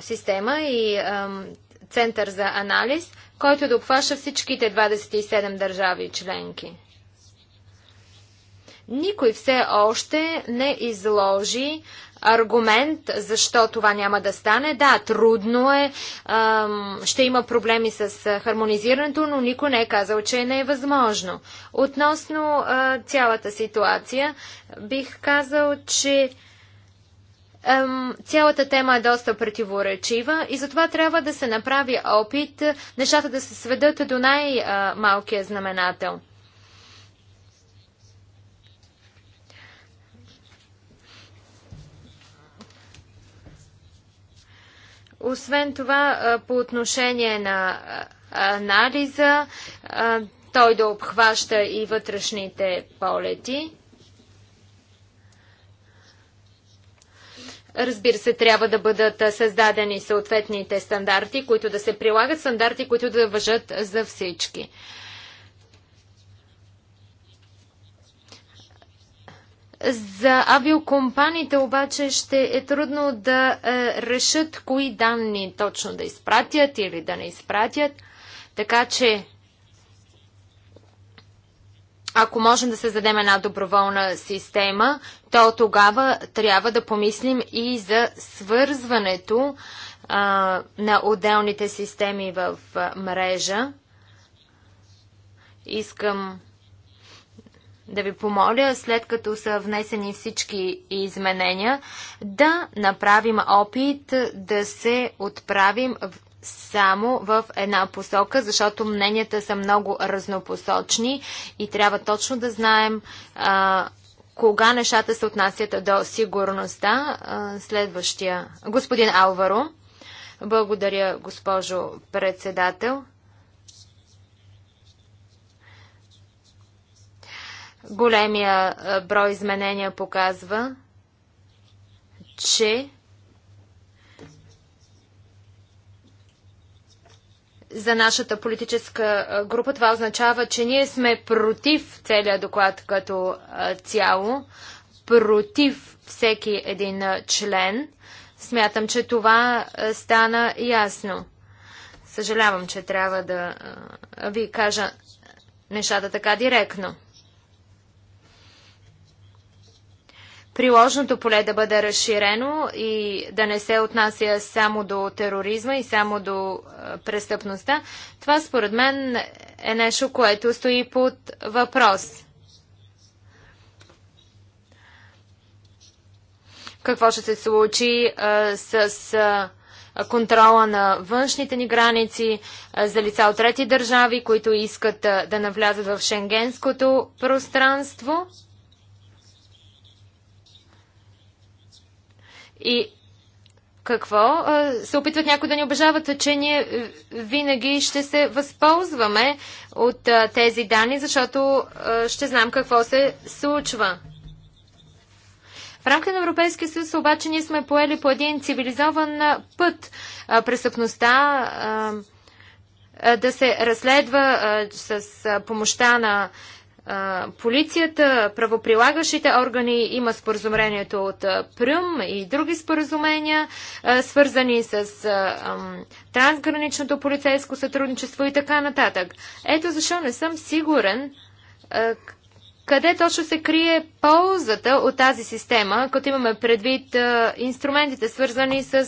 B: система и ам, център за анализ, който да обхваща всичките 27 държави членки. Никой все още не изложи аргумент, защо това няма да стане. Да, трудно е, ще има проблеми с хармонизирането, но никой не е казал, че не е възможно. Относно цялата ситуация, бих казал, че цялата тема е доста противоречива и затова трябва да се направи опит нещата да се сведат до най-малкия знаменател. Освен това, по отношение на анализа, той да обхваща и вътрешните полети. Разбира се, трябва да бъдат създадени съответните стандарти, които да се прилагат, стандарти, които да въжат за всички. За авиокомпаниите обаче ще е трудно да е, решат кои данни точно да изпратят или да не изпратят. Така че, ако можем да създадем една доброволна система, то тогава трябва да помислим и за свързването а, на отделните системи в мрежа. Искам да ви помоля, след като са внесени всички изменения, да направим опит да се отправим само в една посока, защото мненията са много разнопосочни и трябва точно да знаем а, кога нещата се отнасят до сигурността. А, следващия. Господин Алваро. Благодаря, госпожо председател. Големия брой изменения показва, че за нашата политическа група това означава, че ние сме против целият доклад като цяло, против всеки един член. Смятам, че това стана ясно. Съжалявам, че трябва да ви кажа нещата така директно. приложното поле да бъде разширено и да не се отнася само до тероризма и само до е, престъпността, това според мен е нещо, което стои под въпрос. Какво ще се случи а, е, с а, е, контрола на външните ни граници за лица от трети държави, които искат да навлязат в шенгенското пространство? И какво? Се опитват някои да ни обижават, че ние винаги ще се възползваме от тези данни, защото ще знаем какво се случва. В рамките на Европейския съюз обаче ние сме поели по един цивилизован път престъпността да се разследва с помощта на полицията, правоприлагащите органи има споразумението от Прюм и други споразумения, свързани с трансграничното полицейско сътрудничество и така нататък. Ето защо не съм сигурен къде точно се крие ползата от тази система, като имаме предвид инструментите, свързани с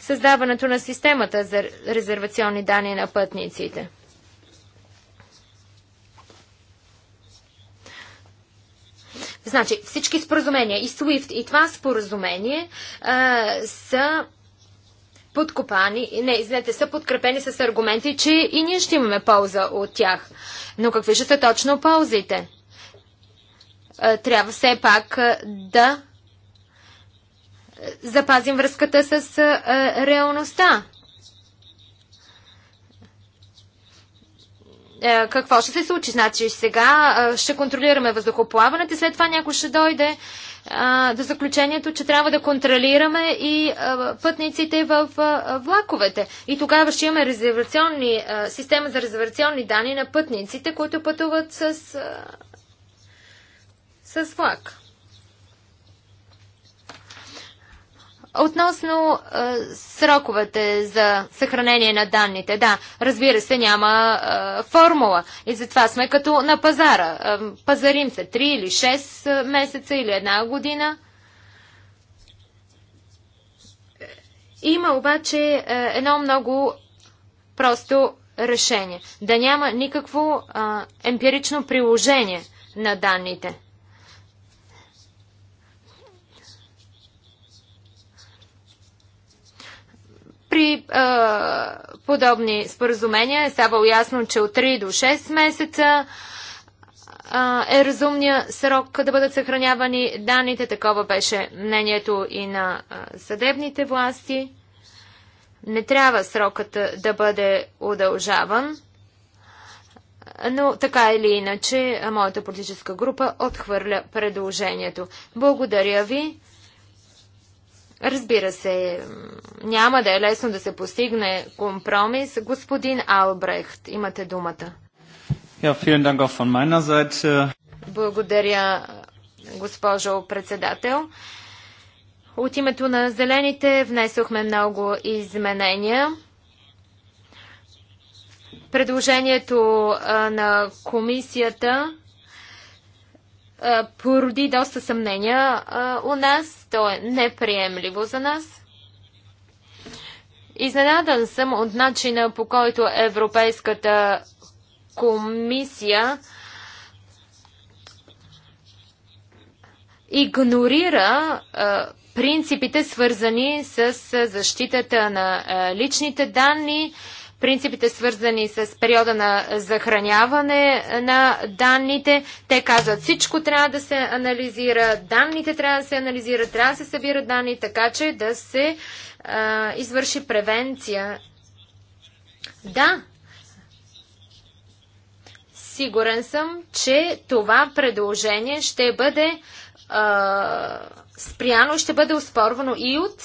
B: създаването на системата за резервационни данни на пътниците. Значи всички споразумения и SWIFT и това споразумение а, са подкопани, не, извинете, са подкрепени с аргументи, че и ние ще имаме полза от тях. Но какви ще са точно ползите? Трябва все пак да запазим връзката с реалността. Е, какво ще се случи. Значи сега е, ще контролираме въздухоплаването и след това някой ще дойде е, до заключението, че трябва да контролираме и пътниците в влаковете. И тогава ще имаме резервационни, система за резервационни данни на пътниците, които пътуват с, с влак. Относно а, сроковете за съхранение на данните, да, разбира се, няма а, формула и затова сме като на пазара. А, пазарим се 3 или 6 месеца или една година. Има обаче а, едно много просто решение. Да няма никакво а, емпирично приложение на данните. При а, подобни споразумения е ставало ясно, че от 3 до 6 месеца а, е разумния срок да бъдат съхранявани данните. Такова беше мнението и на а, съдебните власти. Не трябва срокът да бъде удължаван. Но така или иначе, моята политическа група отхвърля предложението. Благодаря ви. Разбира се, няма да е лесно да се постигне компромис. Господин Албрехт, имате думата. Благодаря, госпожо председател. От името на зелените внесохме много изменения. Предложението на комисията породи доста съмнения у нас. То е неприемливо за нас. Изненадан съм от начина по който Европейската комисия игнорира принципите свързани с защитата на личните данни, принципите свързани с периода на захраняване на данните. Те казват всичко трябва да се анализира, данните трябва да се анализират, трябва да се събират данни, така че да се а, извърши превенция. Да, сигурен съм, че това предложение ще бъде а, спряно и ще бъде оспорвано и от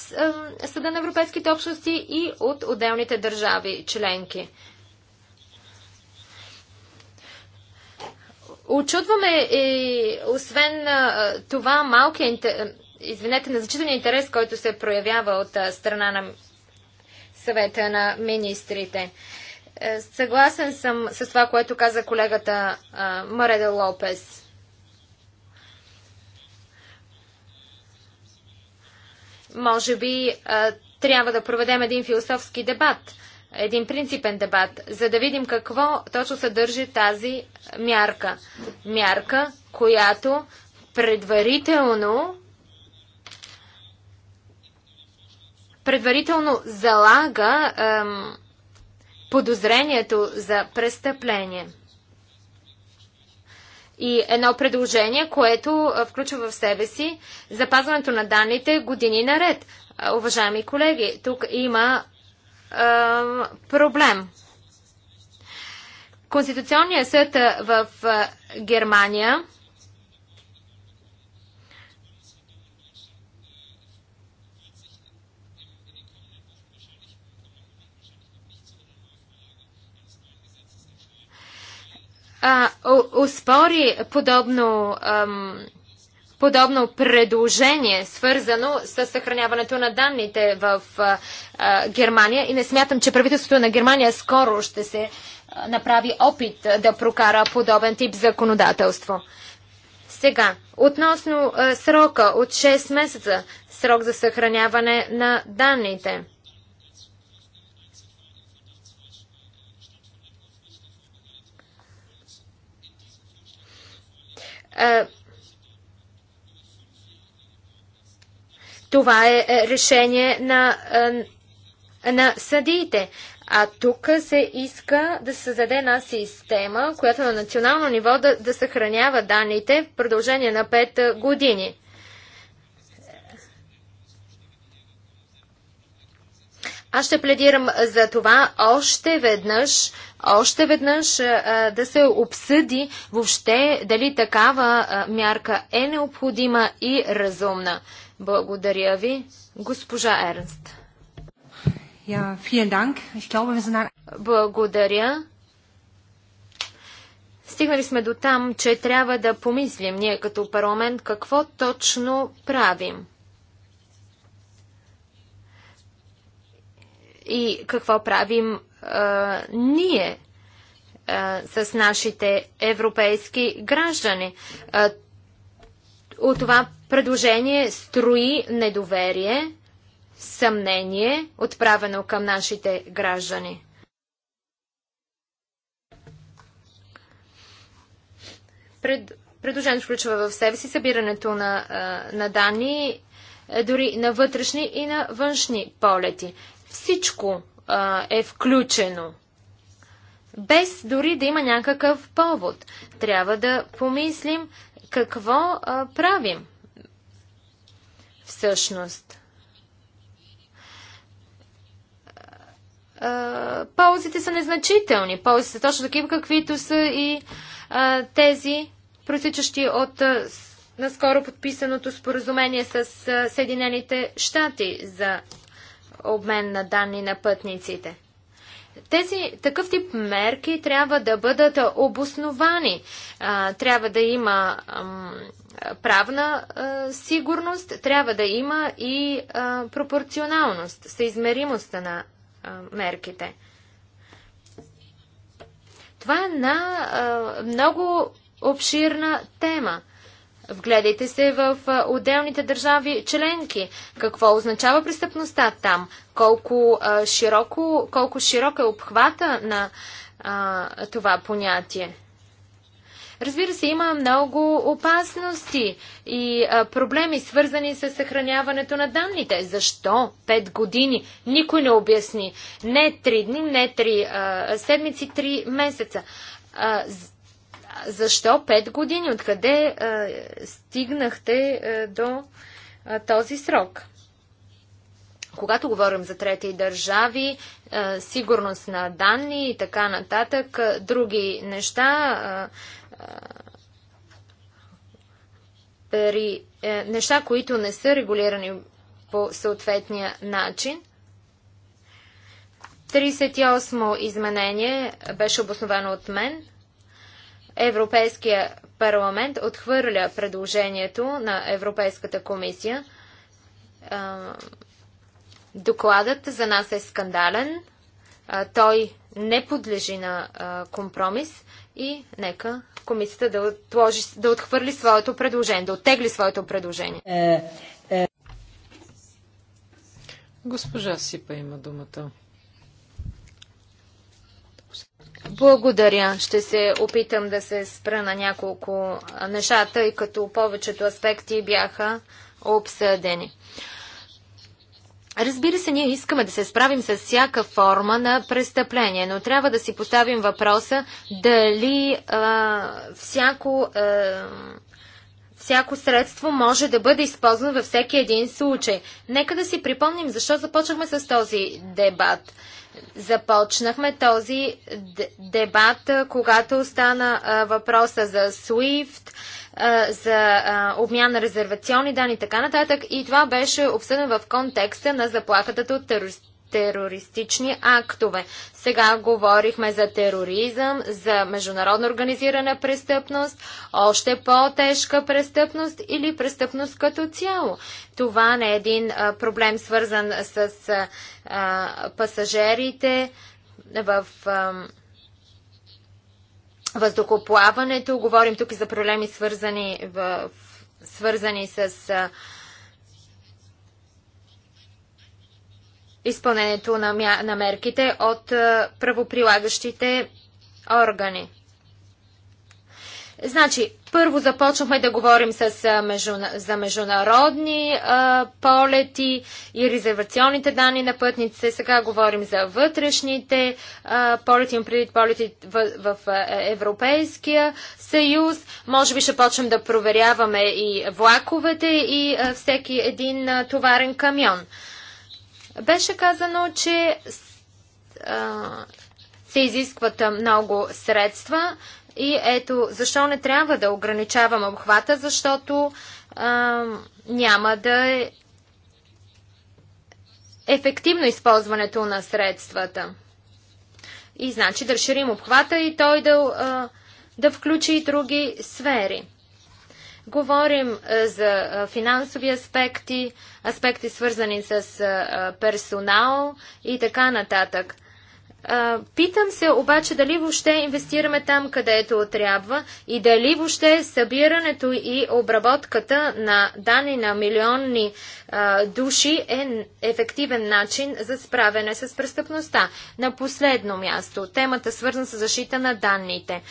B: Съда на Европейските общности и от отделните държави членки. Очудваме и е, освен това малкият извинете, на значителния интерес, който се проявява от страна на съвета на министрите. Е, съгласен съм с това, което каза колегата Мареда Лопес. Може би трябва да проведем един философски дебат, един принципен дебат, за да видим какво точно съдържи тази мярка. Мярка, която предварително предварително залага ем, подозрението за престъпление и едно предложение, което включва в себе си запазването на данните години наред. Уважаеми колеги, тук има е, проблем. Конституционният съд в Германия а, успори подобно, ам, подобно предложение, свързано с съхраняването на данните в а, а, Германия. И не смятам, че правителството на Германия скоро ще се а, направи опит да прокара подобен тип законодателство. Сега, относно а, срока от 6 месеца, срок за съхраняване на данните – Това е, е решение на, е, на съдиите. А тук се иска да се създаде една система, която на национално ниво да, да съхранява данните в продължение на 5 е, години. Аз ще пледирам за това още веднъж, още веднъж да се обсъди въобще дали такава мярка е необходима и разумна. Благодаря ви, госпожа Ернст.
A: glaube,
B: Благодаря. Стигнали сме до там, че трябва да помислим ние като парламент какво точно правим. и какво правим а, ние а, с нашите европейски граждани. А, от това предложение строи недоверие, съмнение, отправено към нашите граждани. Пред, предложението включва в себе си събирането на, на данни е, дори на вътрешни и на външни полети. Всичко а, е включено. Без дори да има някакъв повод. Трябва да помислим какво а, правим всъщност. А, ползите са незначителни. Ползите са точно такива, каквито са и а, тези, протичащи от а, наскоро подписаното споразумение с Съединените щати за обмен на данни на пътниците. Тези такъв тип мерки трябва да бъдат обосновани. А, трябва да има ам, правна а, сигурност, трябва да има и а, пропорционалност, съизмеримостта на мерките. Това е една много обширна тема. Вгледайте се в отделните държави членки. Какво означава престъпността там? Колко, а, широко, колко широк е обхвата на а, това понятие? Разбира се, има много опасности и а, проблеми, свързани с съхраняването на данните. Защо? Пет години. Никой не обясни. Не три дни, не три а, седмици, три месеца. А, защо 5 години? Откъде е, стигнахте е, до е, този срок? Когато говорим за трети държави, сигурност на данни и така нататък, други неща, при неща, които не са регулирани по съответния начин. 38 изменение беше обосновано от мен – Европейския парламент отхвърля предложението на Европейската комисия. Докладът за нас е скандален. Той не подлежи на компромис и нека комисията да, отложи, да отхвърли своето предложение, да оттегли своето предложение.
A: Е, е. Госпожа Сипа има думата.
B: Благодаря. Ще се опитам да се спра на няколко неща, тъй като повечето аспекти бяха обсъдени. Разбира се, ние искаме да се справим с всяка форма на престъпление, но трябва да си поставим въпроса дали а, всяко а, Всяко средство може да бъде използвано във всеки един случай. Нека да си припомним защо започнахме с този дебат. Започнахме този дебат, когато стана въпроса за SWIFT, за обмяна на резервационни данни и така нататък. И това беше обсъдено в контекста на заплахата от терористи терористични актове. Сега говорихме за тероризъм, за международно организирана престъпност, още по-тежка престъпност или престъпност като цяло. Това не е един проблем свързан с а, пасажерите в а, въздухоплаването. Говорим тук и за проблеми свързани, в, свързани с а, изпълнението на, мя... на мерките от е, правоприлагащите органи. Значи, първо започнахме да говорим с, е, за международни а, е, полети и резервационните данни на пътниците. Сега говорим за вътрешните а, полети, преди полети в, в Европейския съюз. Може би ще почнем да проверяваме и влаковете и а, всеки един а, товарен камион. А, беше казано, че а, се изискват много средства и ето защо не трябва да ограничавам обхвата, защото а, няма да е ефективно използването на средствата. И значи да разширим обхвата и той да, а, да включи и други сфери. Говорим е, за е, финансови аспекти, аспекти свързани с е, персонал и така нататък. Питам се обаче дали въобще инвестираме там, където трябва и дали въобще събирането и обработката на данни на милионни а, души е ефективен начин за справяне с престъпността. На последно място, темата свързана с защита на данните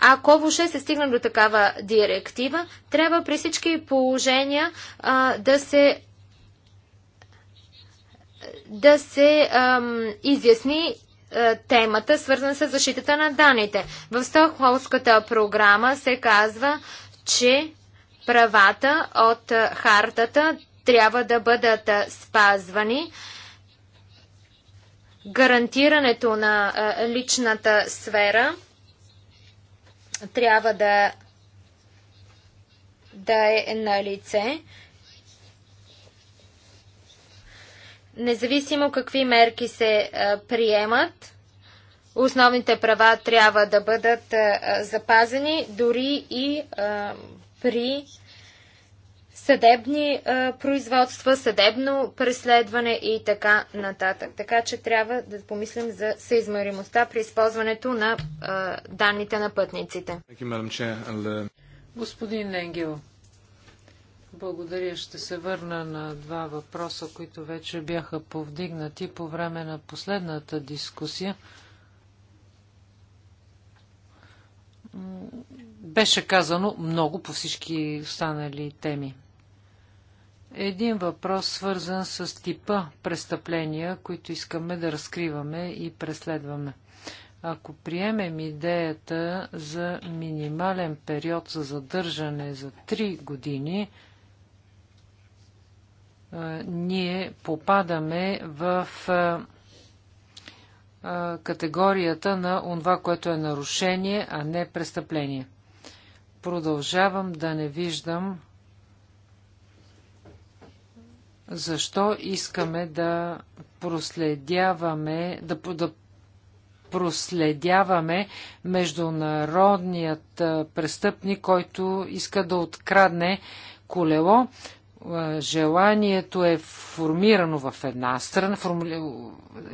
B: ако въобще се стигна до такава директива, трябва при всички положения а, да се да се ам, изясни а, темата, свързана с защитата на данните. В Стокхолмската програма се казва, че правата от хартата трябва да бъдат спазвани. Гарантирането на а, личната сфера – трябва да, да е на лице. Независимо какви мерки се а, приемат, основните права трябва да бъдат а, запазени дори и а, при съдебни а, производства, съдебно преследване и така нататък. Така че трябва да помислим за съизмеримостта при използването на а, данните на пътниците.
C: Uh,
A: Господин Енгел, благодаря. Ще се върна на два въпроса, които вече бяха повдигнати по време на последната дискусия. Беше казано много по всички останали теми. Един въпрос, свързан с типа престъпления, които искаме да разкриваме и преследваме. Ако приемем идеята за минимален период за задържане за 3 години, е, ние попадаме в е, е, категорията на това, което е нарушение, а не престъпление. Продължавам да не виждам защо искаме да проследяваме, да, да проследяваме международният престъпник, който иска да открадне колело. Желанието е формирано в една страна,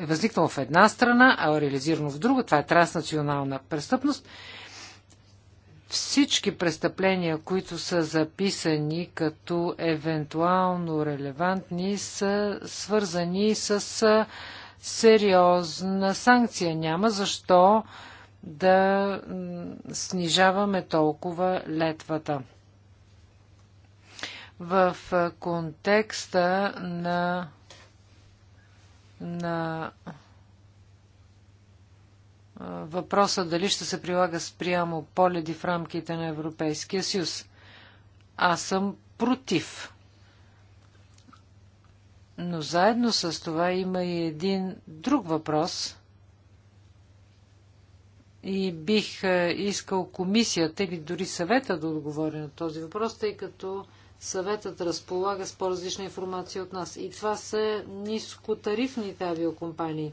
A: е възникнало в една страна, а е реализирано в друга. Това е транснационална престъпност всички престъпления, които са записани като евентуално релевантни, са свързани с сериозна санкция. Няма защо да снижаваме толкова летвата. В контекста на, на въпроса дали ще се прилага спрямо поледи в рамките на Европейския съюз. Аз съм против. Но заедно с това има и един друг въпрос. И бих искал комисията или дори съвета да отговори на този въпрос, тъй като съветът разполага с по-различна информация от нас. И това са нискотарифните авиокомпании.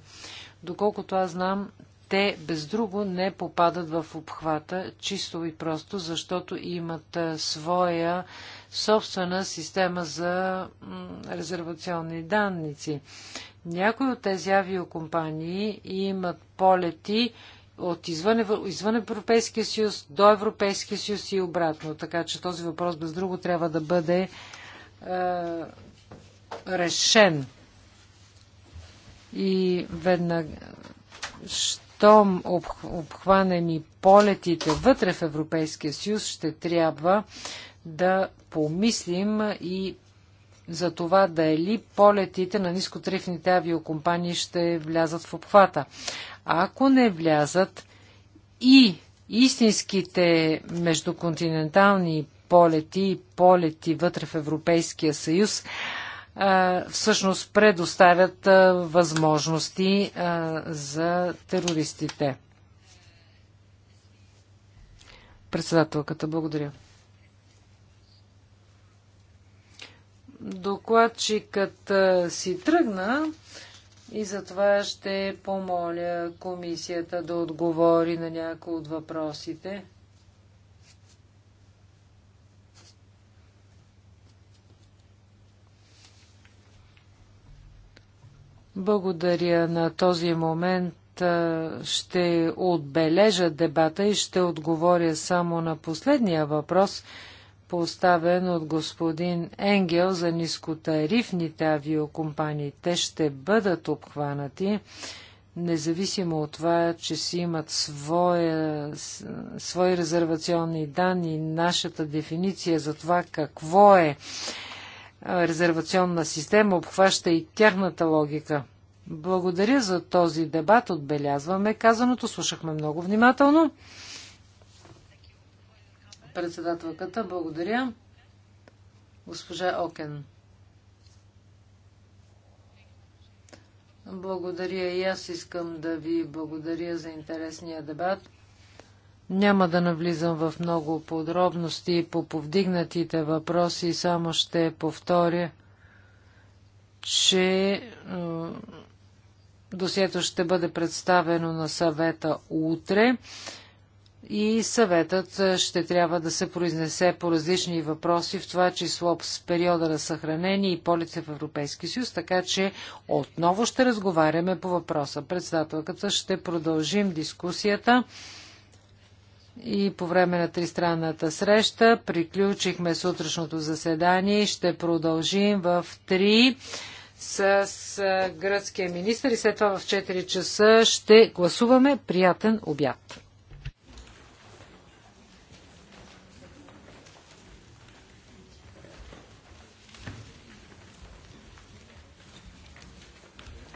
A: Доколкото аз знам, те без друго не попадат в обхвата, чисто и просто, защото имат своя собствена система за резервационни данници. Някои от тези авиокомпании имат полети от извън, извън Европейския съюз до Европейския съюз и обратно. Така че този въпрос без друго трябва да бъде е, решен. И веднага ще щом обхванем и полетите вътре в Европейския съюз, ще трябва да помислим и за това дали полетите на нискотрифните авиокомпании ще влязат в обхвата. ако не влязат и истинските междуконтинентални полети и полети вътре в Европейския съюз, всъщност предоставят възможности за терористите. Председателката, благодаря. Докладчикът си тръгна и затова ще помоля комисията да отговори на някои от въпросите. Благодаря на този момент. Ще отбележа дебата и ще отговоря само на последния въпрос, поставен от господин Енгел за нискотарифните авиокомпании. Те ще бъдат обхванати, независимо от това, че си имат своя, свои резервационни данни. Нашата дефиниция за това какво е резервационна система обхваща и тяхната логика. Благодаря за този дебат, отбелязваме казаното, слушахме много внимателно. Председателката, благодаря. Госпожа Окен. Благодаря и аз искам да ви благодаря за интересния дебат. Няма да навлизам в много подробности по повдигнатите въпроси, само ще повторя, че досието ще бъде представено на съвета утре и съветът ще трябва да се произнесе по различни въпроси, в това число с периода на съхранение и полите в Европейски съюз, така че отново ще разговаряме по въпроса. Председателката ще продължим дискусията и по време на тристранната среща. Приключихме сутрешното заседание и ще продължим в 3 с гръцкия министр и след това в 4 часа ще гласуваме. Приятен обяд!